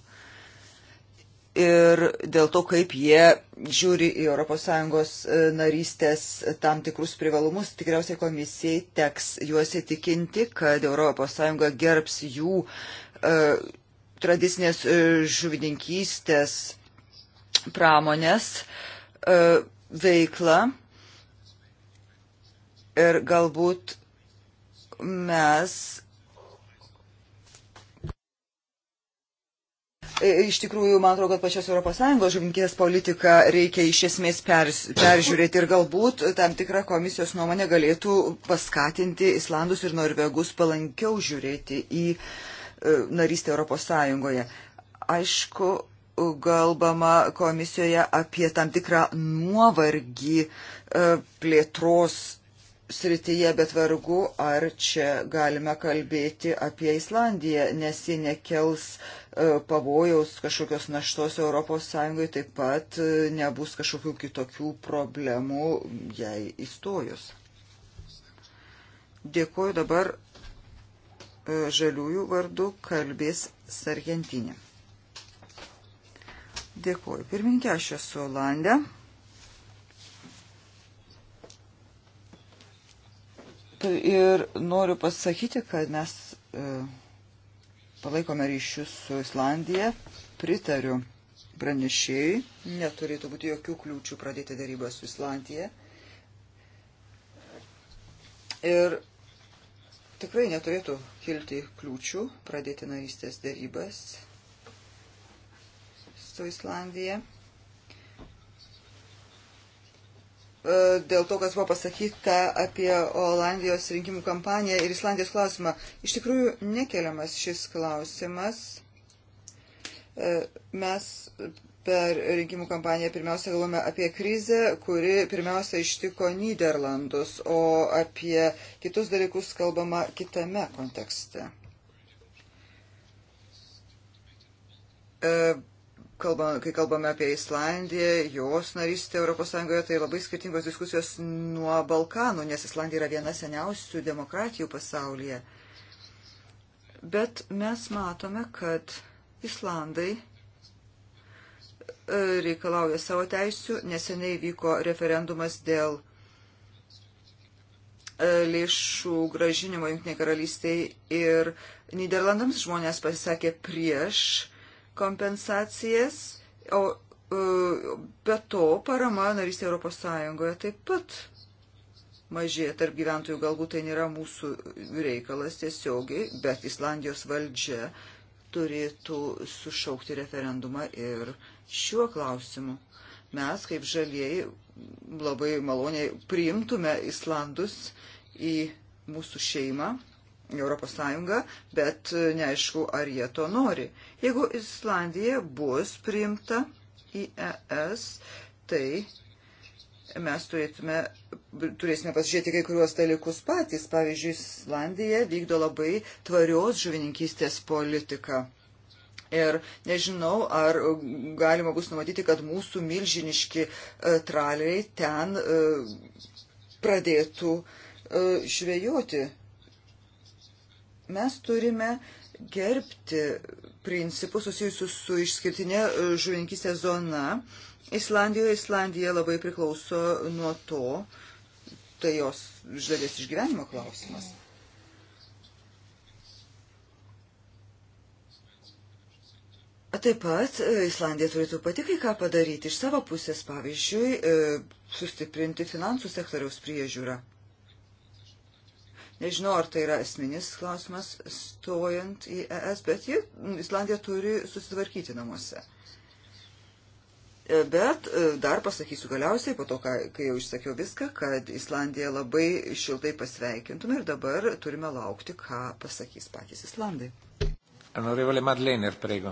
ir dėl to, kaip jie žiūri į ES e, narystės tam tikrus privalumus, tikriausiai komisijai teks juos įtikinti, kad ES gerbs jų uh, E, tradicinės e, žuvininkystės pramonės e, veiklą ir galbūt mes Iš tikrųjų, man atrodo, kad pačios ES žuvininkės politiką reikia iš esmės pers, peržiūrėti ir galbūt tam tikra komisijos nuomonė galėtų paskatinti Islandus ir Norvegus palankiau žiūrėti į uh, E, narystę Europos Sąjungoje. Aišku, galbama komisijoje apie tam tikrą nuovargį e, plėtros srityje, bet vargu, ar čia galime kalbėti apie Islandiją, nes ji nekels e, pavojaus kažkokios naštos ES, taip pat nebus kažkokių kitokių problemų jai įstojus. Dėkuoju dabar E, žaliųjų vardu kalbės Sargentinė. Dėkuoju. Pirminkė, aš esu Olandė. Tai ir noriu pasakyti, kad mes e, palaikome ryšius su Islandija, pritariu pranešėjai, neturėtų būti jokių kliūčių pradėti darybą su Islandija. Ir tikrai neturėtų kilti kliūčių pradėti narystės dėrybas su Islandija. E, dėl to, kas buvo pasakyta apie Olandijos rinkimų kampaniją ir Islandijos klausimą. Iš tikrųjų, nekeliamas šis klausimas. E, mes per rinkimų kampaniją pirmiausia galvome apie krizę, kuri pirmiausia ištiko Niderlandus, o apie kitus dalykus kalbama kitame kontekste. E, kalbame, kai kalbame apie Islandiją, jos narystę ES, tai labai skirtingos diskusijos nuo Balkanų, nes Islandija yra viena seniausių demokratijų pasaulyje. Bet mes matome, kad Islandai reikalauja savo teisių. Neseniai vyko referendumas dėl e, lėšų gražinimo Junktinė karalystėje ir Niderlandams žmonės pasisakė prieš kompensacijas, o e, be to parama narystė Europos Sąjungoje taip pat mažėja tarp gyventojų. Galbūt tai nėra mūsų reikalas tiesiogiai, bet Islandijos valdžia turėtų sušaukti referendumą ir uh, šiuo klausimu. Mes, kaip žalieji, labai maloniai priimtume Islandus į mūsų šeimą, Europos Sąjungą, bet e, neaišku, ar jie to nori. Jeigu Islandija bus priimta į ES, tai mes turėtume, turėsime pasižiūrėti kai kuriuos dalykus patys. Pavyzdžiui, Islandija vykdo labai tvarios žuvininkystės politiką. Ir nežinau, ar galima bus numatyti, kad mūsų milžiniški e, traliai ten e, pradėtų e, žvejoti. Mes turime gerbti principus susijusius su išskirtinė žuvininkystės zona. Islandijoje Islandija labai priklauso nuo to, tai jos žalies išgyvenimo klausimas. Mm. Taip pat e, Islandija turėtų pati kai ką padaryti iš savo pusės, pavyzdžiui, e, sustiprinti finansų sektoriaus priežiūrą. Nežinau, ar tai yra esminis klausimas stojant į ES, bet jie, Islandija turi susitvarkyti namuose. E, bet dar pasakysiu galiausiai, po to, kai jau išsakiau viską, kad Islandija labai šiltai pasveikintume ir dabar turime laukti, ką pasakys patys Islandai. Honorevole Madlener, prego.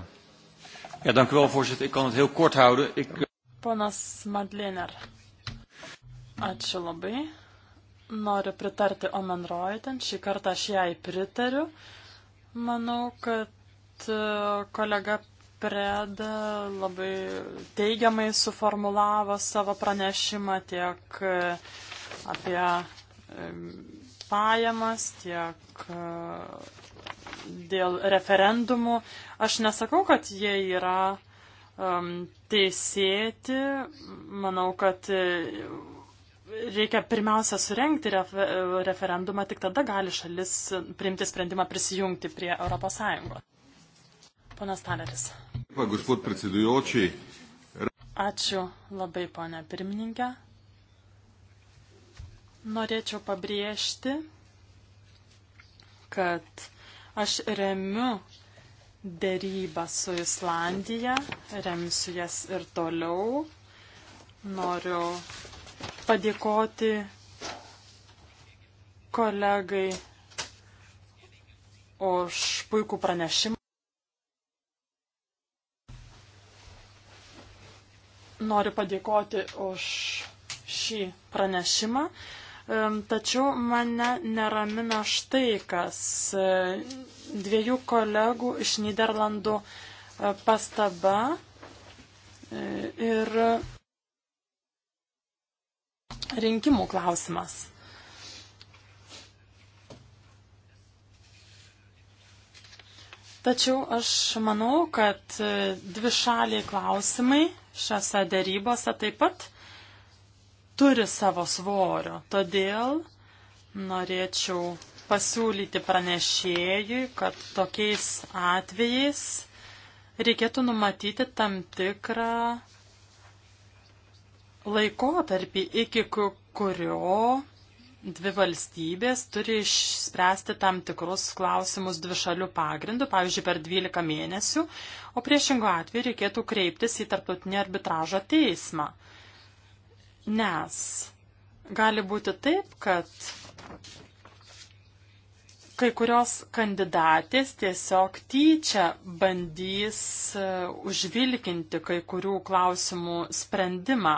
Ja, dank u wel, voorzitter. Ik kan het heel kort houden. Ik... Eh, Ponas Madliner. Ačiū labai. Noriu pritarti Omen Reuten. Šį kartą aš jai pritariu. Manau, kad e, kolega Preda labai teigiamai suformulavo savo pranešimą tiek e, apie pajamas, tiek e, dėl referendumų. Aš nesakau, kad jie yra um, teisėti. Manau, kad e, reikia pirmiausia surenkti e, referendumą, tik tada gali šalis priimti sprendimą prisijungti prie ES. Ponas Taleris. Ačiū labai, ponė pirmininkė. Norėčiau pabrėžti, kad Aš remiu dėrybą su Islandija, remsiu jas ir toliau. Noriu padėkoti kolegai už puikų pranešimą. Noriu padėkoti už šį pranešimą. Tačiau mane neramina štai kas. Dviejų kolegų iš Niderlandų e, pastaba e, ir rinkimų klausimas. Tačiau aš manau, kad e, dvi šaliai klausimai šiose dėrybose taip pat turi savo svorio. Todėl norėčiau pasiūlyti pranešėjui, kad tokiais atvejais reikėtų numatyti tam tikrą laikotarpį, iki kurio dvi valstybės turi išspręsti tam tikrus klausimus dvišalių pagrindų, pavyzdžiui, per 12 mėnesių, o priešingo atveju reikėtų kreiptis į tarptautinį arbitražo teismą. Nes gali būti taip, kad kai kurios kandidatės tiesiog tyčia bandys e, užvilkinti kai kurių klausimų sprendimą.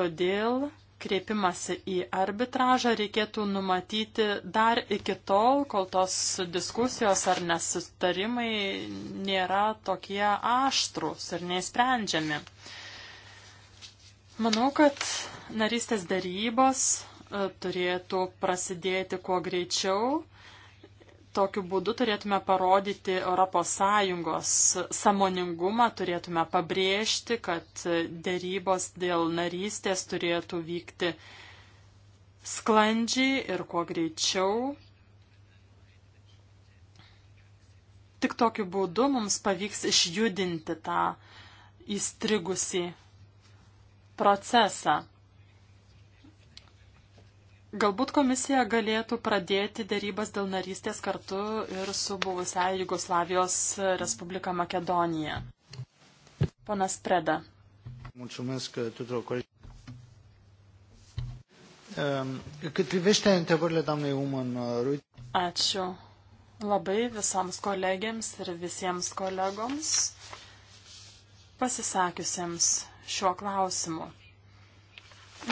Todėl kreipimasi į arbitražą reikėtų numatyti dar iki tol, kol tos diskusijos ar nesutarimai nėra tokie aštrus ir neįsprendžiami. Manau, kad narystės darybos e, turėtų prasidėti kuo greičiau. Tokiu būdu turėtume parodyti ES samoningumą, turėtume pabrėžti, kad dėrybos dėl narystės turėtų vykti sklandžiai ir kuo greičiau. Tik tokiu būdu mums pavyks išjudinti tą įstrigusį procesą. Galbūt komisija galėtų pradėti dėrybas dėl narystės kartu ir su buvusia Jugoslavijos Respublika Makedonija. Ponas Preda. Mulțumesc uh, tuturor colegi. Um, cât privește întrebările doamnei Uman uh, Ruit. Ačiū labai visoms kolegiams ir visiems kolegoms pasisakiusiems šiuo klausimu.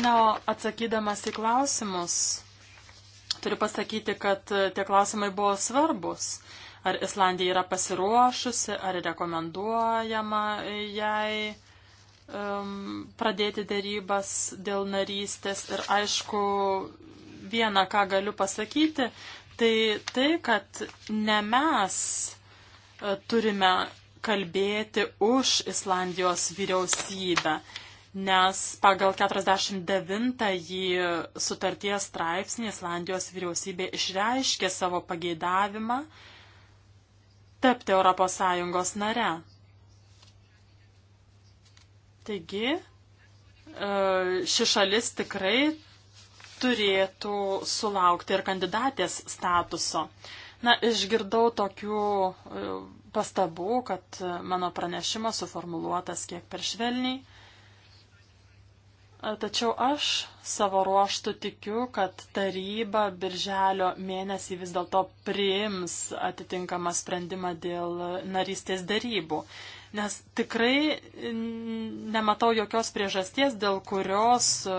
Na, o atsakydamas į klausimus, turiu pasakyti, kad e, tie klausimai buvo svarbus. Ar Islandija yra pasiruošusi, ar rekomenduojama jai um, pradėti dėrybas dėl narystės. Ir aišku, vieną, ką galiu pasakyti, tai tai, kad ne mes e, turime kalbėti už Islandijos vyriausybę, nes pagal 49 sutarties straipsnį Islandijos vyriausybė išreiškė savo pageidavimą tapti ES nare. Taigi, e, ši šalis tikrai turėtų sulaukti ir kandidatės statuso. Na, išgirdau tokių e, pastabų, kad mano pranešimas suformuluotas kiek per švelniai. Tačiau aš savo ruoštų tikiu, kad taryba birželio mėnesį vis dėlto priims atitinkamą sprendimą dėl narystės darybų nes tikrai nematau jokios priežasties, dėl kurios e,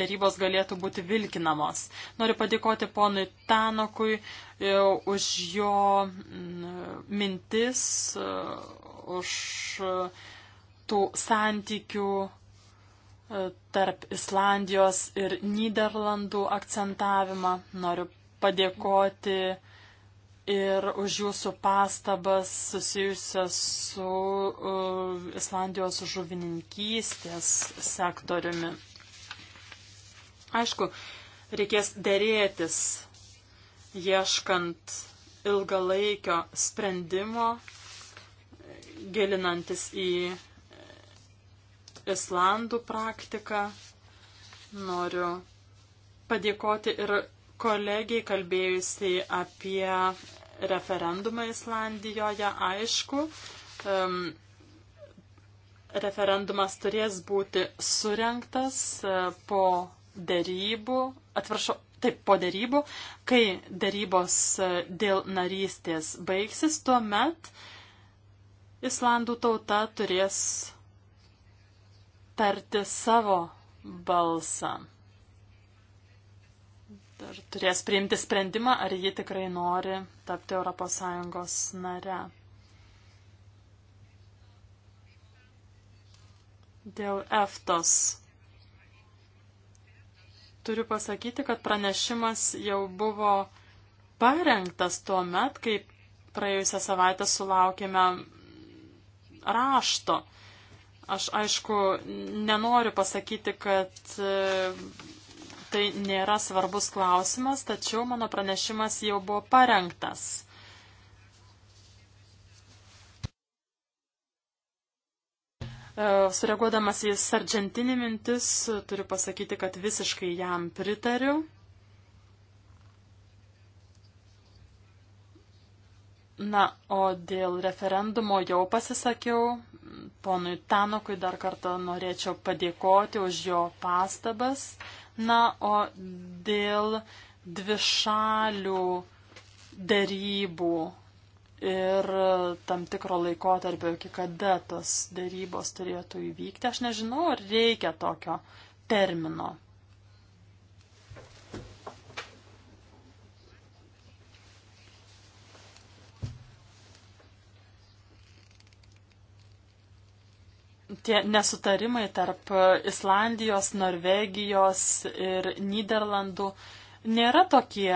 darybos galėtų būti vilkinamos. Noriu padėkoti ponui Tanokui e, už jo mintis, e, už tų santykių tarp Islandijos ir Niderlandų akcentavimą. Noriu padėkoti uh, ir už jūsų pastabas susijusias su uh, Islandijos žuvininkystės sektoriumi. Aišku, reikės dėrėtis, ieškant ilgalaikio sprendimo, gilinantis į Islandų praktiką. Noriu padėkoti ir kolegiai kalbėjusiai apie referendumą Islandijoje, aišku, um, referendumas turės būti surenktas e, po dėrybų, atvaršau, taip, po dėrybų, kai dėrybos e, dėl narystės baigsis, tuomet Islandų tauta turės tarti savo balsą ir turės priimti sprendimą, ar ji tikrai nori tapti ES nare. Dėl EFTOS. Turiu pasakyti, kad pranešimas jau buvo parengtas tuo met, kai praėjusią savaitę sulaukėme rašto. Aš aišku nenoriu pasakyti, kad tai nėra svarbus klausimas, tačiau mano pranešimas jau buvo parengtas. E, sureaguodamas į sargentinį mintis, turiu pasakyti, kad visiškai jam pritariu. Na, o dėl referendumo jau pasisakiau. Ponui Tanokui dar kartą norėčiau padėkoti už jo pastabas. Na, o dėl dvišalių dėrybų ir tam tikro laikotarpio, iki kada tos dėrybos turėtų įvykti, aš nežinau, ar reikia tokio termino. tie nesutarimai tarp Islandijos, Norvegijos ir Niderlandų nėra tokie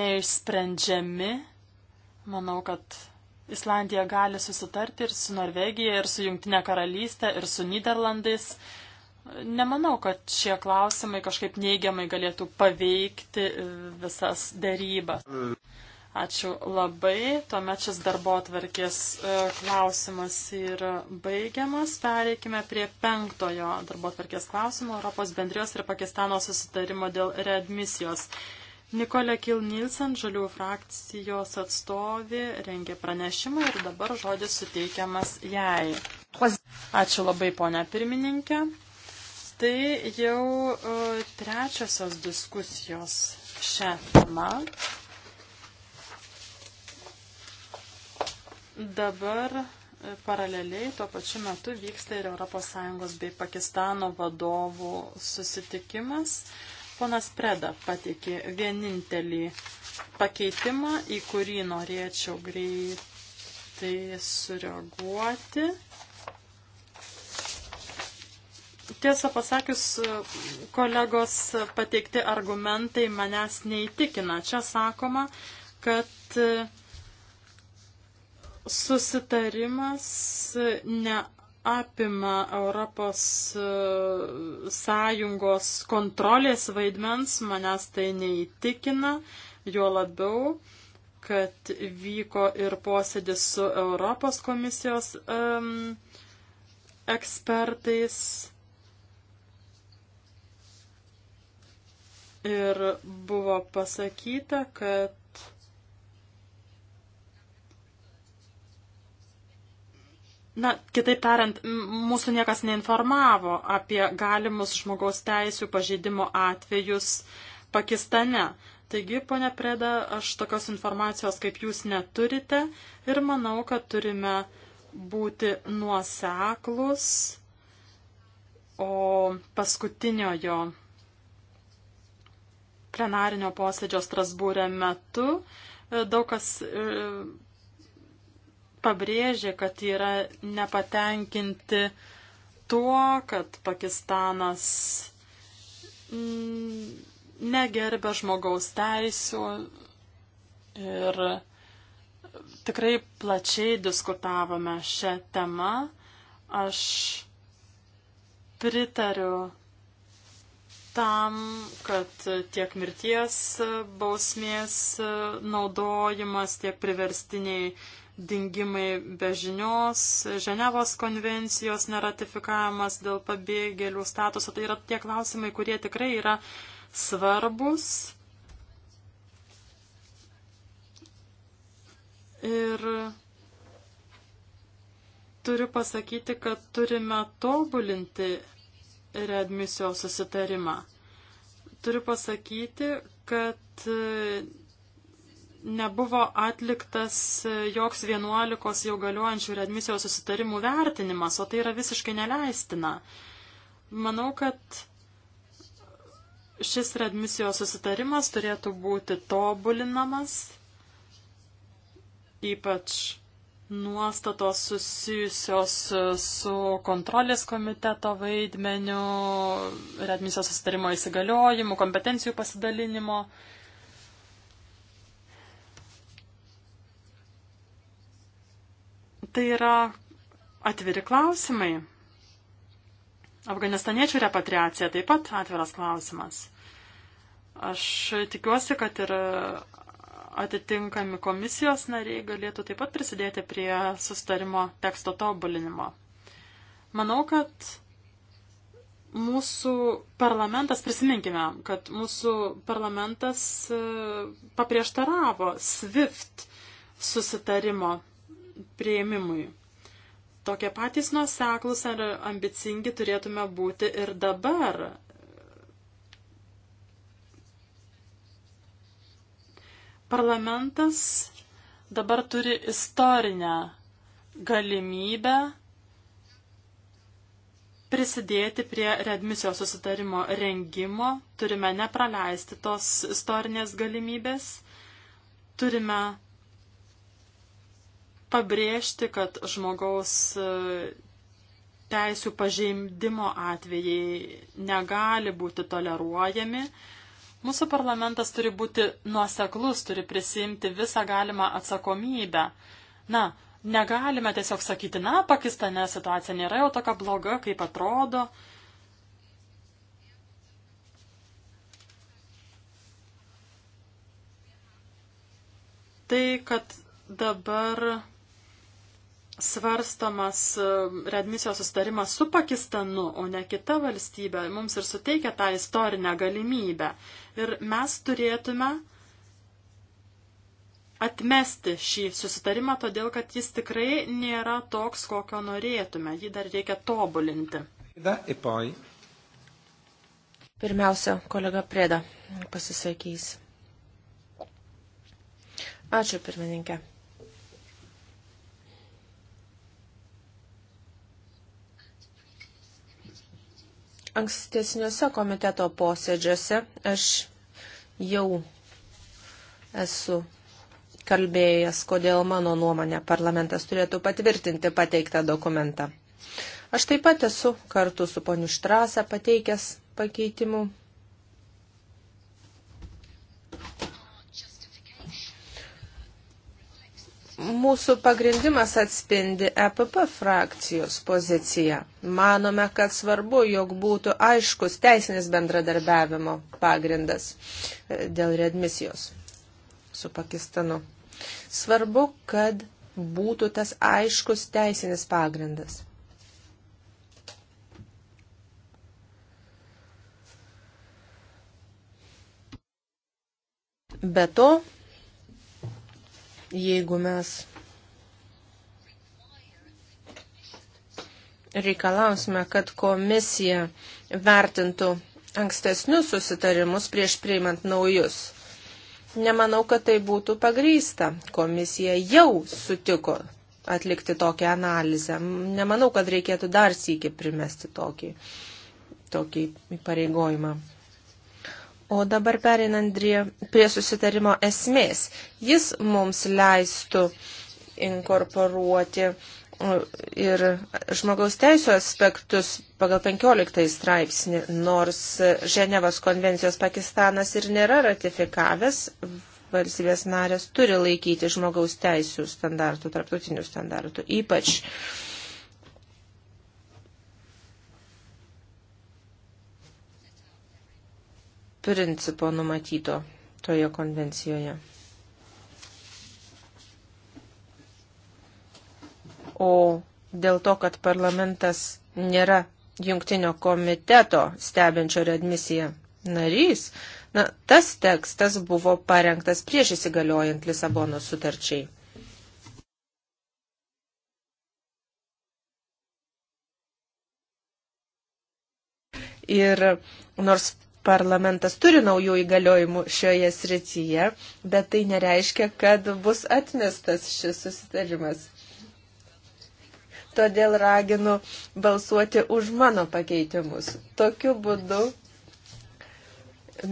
neišsprendžiami. Manau, kad Islandija gali susitarti ir su Norvegija, ir su Junktinė karalystė, ir su Niderlandais. Nemanau, kad šie klausimai kažkaip neigiamai galėtų paveikti visas dėrybas. Ačiū labai. Tuomet šis darbo atvarkės e, klausimas yra baigiamas. Pereikime prie penktojo darbo atvarkės klausimo Europos bendrijos ir Pakistano susitarimo dėl readmisijos. Nikolė Kilnilsen, žalių frakcijos atstovė, rengė pranešimą ir dabar žodis suteikiamas jai. Ačiū labai, ponia pirmininkė. Tai jau uh, trečiosios diskusijos šią temą. Dabar e, paraleliai tuo pačiu metu vyksta ir ES bei Pakistano vadovų susitikimas. Ponas Preda pateikė vienintelį pakeitimą, į kurį norėčiau greitai sureaguoti. Tiesą pasakius, kolegos pateikti argumentai manęs neįtikina. Čia sakoma, kad susitarimas neapima Europos e, Sąjungos kontrolės vaidmens, manęs tai neįtikina, jo labiau, kad vyko ir posėdis su Europos komisijos um, ekspertais. Ir buvo pasakyta, kad Na, kitaip tariant, mūsų niekas neinformavo apie galimus žmogaus teisų pažeidimo atvejus Pakistane. Taigi, ponia Preda, aš tokios informacijos kaip jūs neturite ir manau, kad turime būti nuoseklus, o paskutiniojo plenarinio posėdžio Strasbūrė metu e, daug kas e, pabrėžė, kad yra nepatenkinti tuo, kad Pakistanas negerbė žmogaus teisų ir tikrai plačiai diskutavome šią temą. Aš pritariu tam, kad tiek mirties bausmės naudojimas, tiek priverstiniai dingimai be žinios, Ženevos konvencijos neratifikavimas dėl pabėgėlių statuso. Tai yra tie klausimai, kurie tikrai yra svarbus. Ir turiu pasakyti, kad turime tobulinti readmisijos susitarimą. Turiu pasakyti, kad nebuvo atliktas joks 11 jau galiojančių readmisijos susitarimų vertinimas, o tai yra visiškai neleistina. Manau, kad šis readmisijos susitarimas turėtų būti tobulinamas, ypač nuostatos susijusios su kontrolės komiteto vaidmeniu, readmisijos susitarimo įsigaliojimu, kompetencijų pasidalinimo. Uh, Tai yra atviri klausimai. Afganistaniečių repatriacija taip pat atviras klausimas. Aš tikiuosi, kad ir atitinkami komisijos nariai galėtų taip pat prisidėti prie sustarimo teksto tobulinimo. Manau, kad mūsų parlamentas, prisiminkime, kad mūsų parlamentas e, paprieštaravo SWIFT susitarimo prieimimui. Tokie patys nuoseklus ar ambicingi turėtume būti ir dabar. Parlamentas dabar turi istorinę galimybę prisidėti prie redmisijos susitarimo rengimo, turime nepraleisti tos istorinės galimybės, turime pabrėžti, kad žmogaus e, teisų pažeidimo atvejai negali būti toleruojami. Mūsų parlamentas turi būti nuoseklus, turi prisimti visą galimą atsakomybę. Na, negalime tiesiog sakyti, na, Pakistane situacija nėra jau tokia bloga, kaip atrodo. Tai, kad dabar svarstamas e, redmisijos sustarimas su Pakistanu, o ne kita valstybė, mums ir suteikia tą istorinę galimybę. Ir mes turėtume atmesti šį susitarimą, todėl kad jis tikrai nėra toks, kokio norėtume. Jį dar reikia tobulinti. E Pirmiausia, kolega Prėda pasisakys. Ačiū, pirmininkė. Ankstesniuose komiteto posėdžiuose aš jau esu kalbėjęs, kodėl mano nuomonė parlamentas turėtų patvirtinti pateiktą dokumentą. Aš taip pat esu kartu su poniu Štrasa pateikęs pakeitimų mūsų pagrindimas atspindi EPP frakcijos poziciją. Manome, kad svarbu, jog būtų aiškus teisinis bendradarbiavimo pagrindas e, dėl readmisijos su Pakistanu. Svarbu, kad būtų tas aiškus teisinis pagrindas. Be to, jeigu mes reikalausime, kad komisija vertintų ankstesnius susitarimus prieš priimant naujus. Nemanau, kad tai būtų pagrysta. Komisija jau sutiko atlikti tokią analizę. Nemanau, kad reikėtų dar sykį primesti tokį, tokį įpareigojimą. O dabar perinant prie susitarimo esmės, jis mums leistų inkorporuoti uh, ir žmogaus teisų aspektus pagal 15 straipsnį, nors Ženevos konvencijos Pakistanas ir nėra ratifikavęs, valstybės narės turi laikyti žmogaus teisų standartų, tarptautinių standartų, ypač uh, principo numatyto toje konvencijoje. O dėl to, kad parlamentas nėra jungtinio komiteto stebinčio readmisiją narys, na, tas tekstas buvo parengtas prieš įsigaliojant Lisabono sutarčiai. Ir nors Parlamentas turi naujų įgaliojimų šioje srityje, bet tai nereiškia, kad bus atmestas šis susitarimas. Todėl raginu balsuoti už mano pakeitimus. Tokiu būdu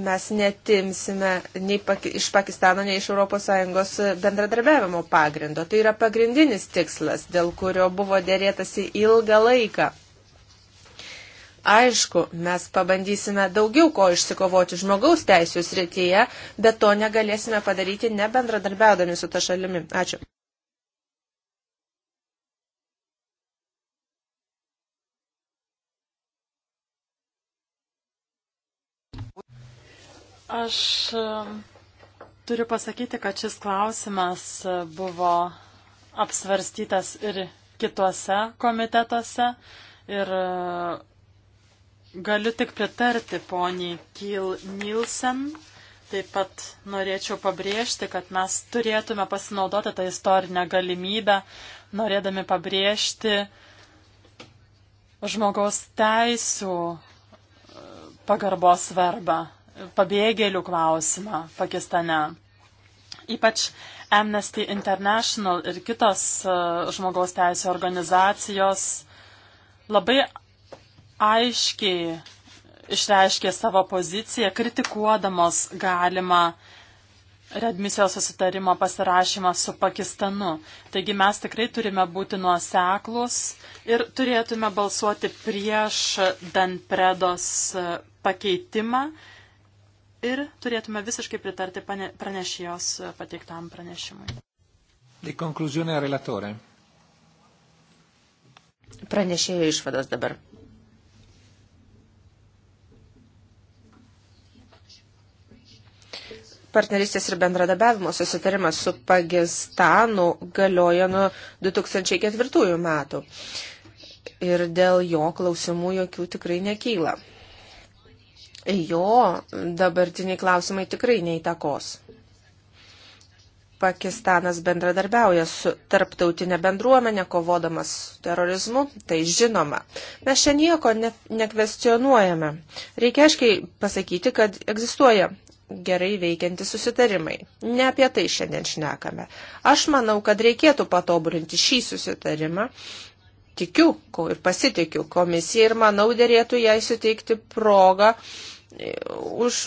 mes netimsime nei iš Pakistano, nei iš ES bendradarbiavimo pagrindo. Tai yra pagrindinis tikslas, dėl kurio buvo dėrėtasi ilgą laiką. Aišku, mes pabandysime daugiau ko išsikovoti žmogaus teisų srityje, bet to negalėsime padaryti nebendradarbiaudami su ta šalimi. Ačiū. Aš um, turiu pasakyti, kad šis klausimas uh, buvo apsvarstytas ir kituose komitetuose ir uh, Galiu tik pritarti poniai Kiel Nielsen. Taip pat norėčiau pabrėžti, kad mes turėtume pasinaudoti tą istorinę galimybę, norėdami pabrėžti žmogaus teisų e, pagarbos svarbą, pabėgėlių klausimą Pakistane. Ypač Amnesty International ir kitos e, žmogaus teisų organizacijos labai aiškiai išreiškė savo poziciją, kritikuodamos galimą redmisijos susitarimo pasirašymą su Pakistanu. Taigi mes tikrai turime būti nuoseklus ir turėtume balsuoti prieš Danpredos pakeitimą ir turėtume visiškai pritarti pranešėjos pateiktam pranešimui. Di conclusione relatore. Pranešėjo išvados dabar. partnerystės ir bendradabiavimo susitarimas su Pakistanu galioja nuo 2004 metų. Ir dėl jo klausimų jokių tikrai nekyla. Jo dabartiniai klausimai tikrai neįtakos. Pakistanas bendradarbiauja su tarptautinė bendruomenė, kovodamas su terorizmu, tai žinoma. Mes čia nieko ne, nekvestionuojame. Reikia aiškiai pasakyti, kad egzistuoja gerai veikianti susitarimai. Ne apie tai šiandien šnekame. Aš manau, kad reikėtų patobulinti šį susitarimą. Tikiu ir pasitikiu komisiją ir manau dėrėtų jai suteikti progą e, už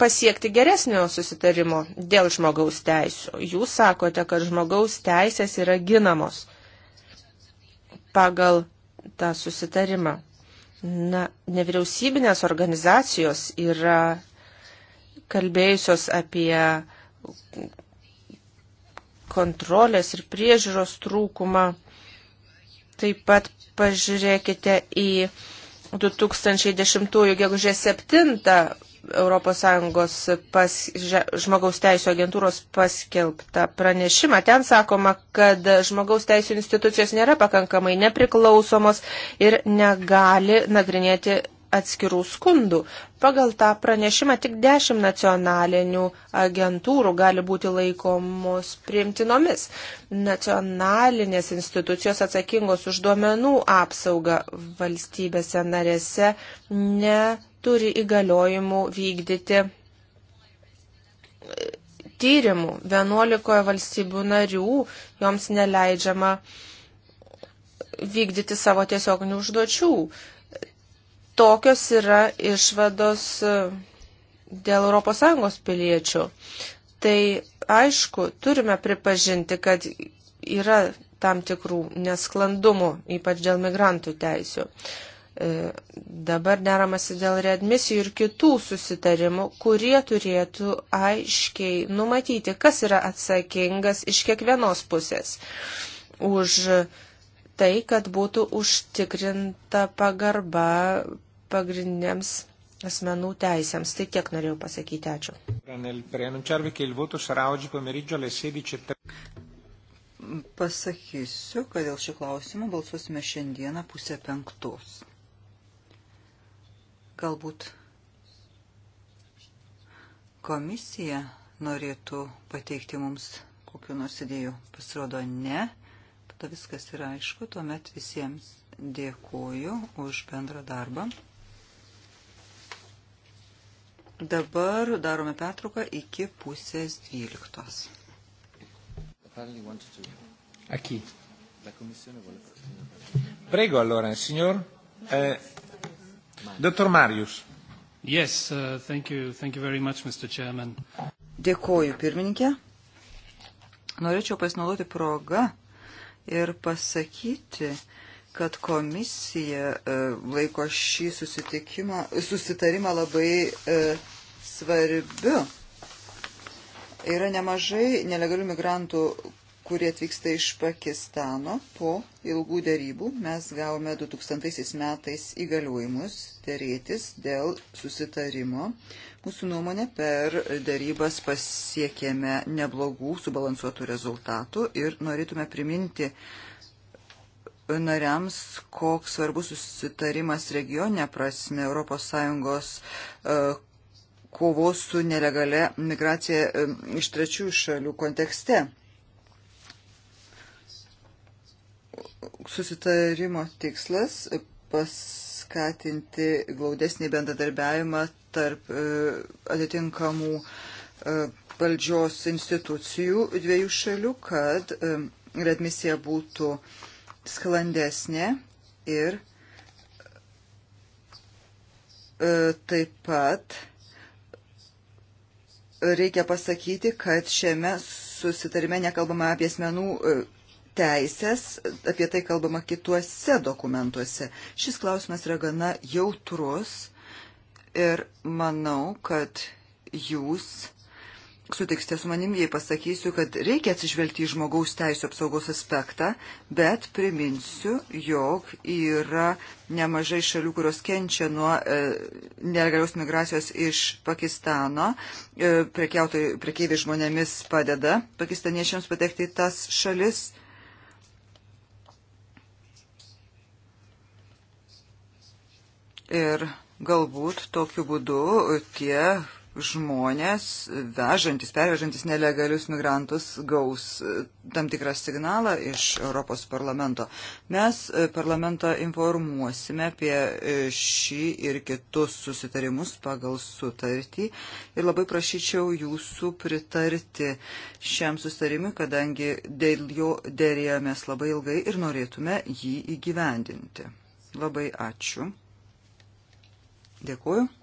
pasiekti geresnio susitarimo dėl žmogaus teisų. Jūs sakote, kad žmogaus teisės yra ginamos pagal tą susitarimą. Na, nevyriausybinės organizacijos yra kalbėjusios apie kontrolės ir priežiūros trūkumą. Taip pat pažiūrėkite į 2010 gegužės 7 ES pas, žmogaus teisų agentūros paskelbtą pranešimą. Ten sakoma, kad žmogaus teisų institucijos nėra pakankamai nepriklausomos ir negali nagrinėti atskirų skundų. Pagal tą pranešimą tik 10 nacionalinių agentūrų gali būti laikomos priimtinomis. Nacionalinės institucijos atsakingos už duomenų apsaugą valstybėse narėse neturi įgaliojimų vykdyti e, tyrimų. 11 valstybių narių joms neleidžiama vykdyti savo tiesioginių užduočių. Tokios yra išvados e, dėl ES piliečių. Tai aišku, turime pripažinti, kad yra tam tikrų nesklandumų, ypač dėl migrantų teisių. E, dabar deramasi dėl readmisijų ir kitų susitarimų, kurie turėtų aiškiai numatyti, kas yra atsakingas iš kiekvienos pusės už tai, kad būtų užtikrinta pagarba pagrindiniams asmenų teisėms. Tai tiek norėjau pasakyti. Ačiū. Pasakysiu, kad dėl šio klausimo balsuosime šiandieną pusę penktos. Galbūt komisija norėtų pateikti mums kokiu nors idėjų. Pasirodo, ne. Tada viskas yra aišku. Tuomet visiems dėkuoju už bendrą darbą. Dabar darome pertrauką iki pusės dvyliktos. A chi? Prego allora, signor. Eh, Dr. Marius. Yes, uh, thank you. Thank you very much, Mr. Chairman. Dėkoju, pirmininkė. Norėčiau pasinaudoti progą ir pasakyti, kad komisija e, laiko šį susitarimą labai e, svarbiu. Yra nemažai nelegalių migrantų, kurie atvyksta iš Pakistano po ilgų dėrybų. Mes gavome 2000 metais įgaliojimus dėrėtis dėl susitarimo. Mūsų nuomonė per dėrybas pasiekėme neblogų, subalansuotų rezultatų ir norėtume priminti uh, nariams, koks svarbus susitarimas regioninė prasme ES e, kovos su nelegale migracija e, iš trečių šalių kontekste. Susitarimo tikslas paskatinti glaudesnį bendradarbiavimą tarp e, atitinkamų valdžios institucijų dviejų šalių, kad redmisija būtų uh, sklandesnė ir e, taip pat reikia pasakyti, kad šiame susitarime nekalbama apie asmenų e, teisės, apie tai kalbama kituose dokumentuose. Šis klausimas yra gana jautrus ir manau, kad jūs sutiksite su manim, jei pasakysiu, kad reikia atsižvelgti į žmogaus teisų apsaugos aspektą, bet priminsiu, jog yra nemažai šalių, kurios kenčia nuo e, nelegalios migracijos iš Pakistano. E, Prekeiviai žmonėmis padeda pakistaniečiams patekti į tas šalis. Ir galbūt tokiu būdu tie žmonės, vežantis, pervežantis nelegalius migrantus, gaus e, tam tikrą signalą iš Europos parlamento. Mes e, parlamentą informuosime apie e, šį ir kitus susitarimus pagal sutartį ir labai prašyčiau jūsų pritarti šiam susitarimui, kadangi dėl jo dėrėjomės labai ilgai ir norėtume jį įgyvendinti. Labai ačiū. Dėkuoju.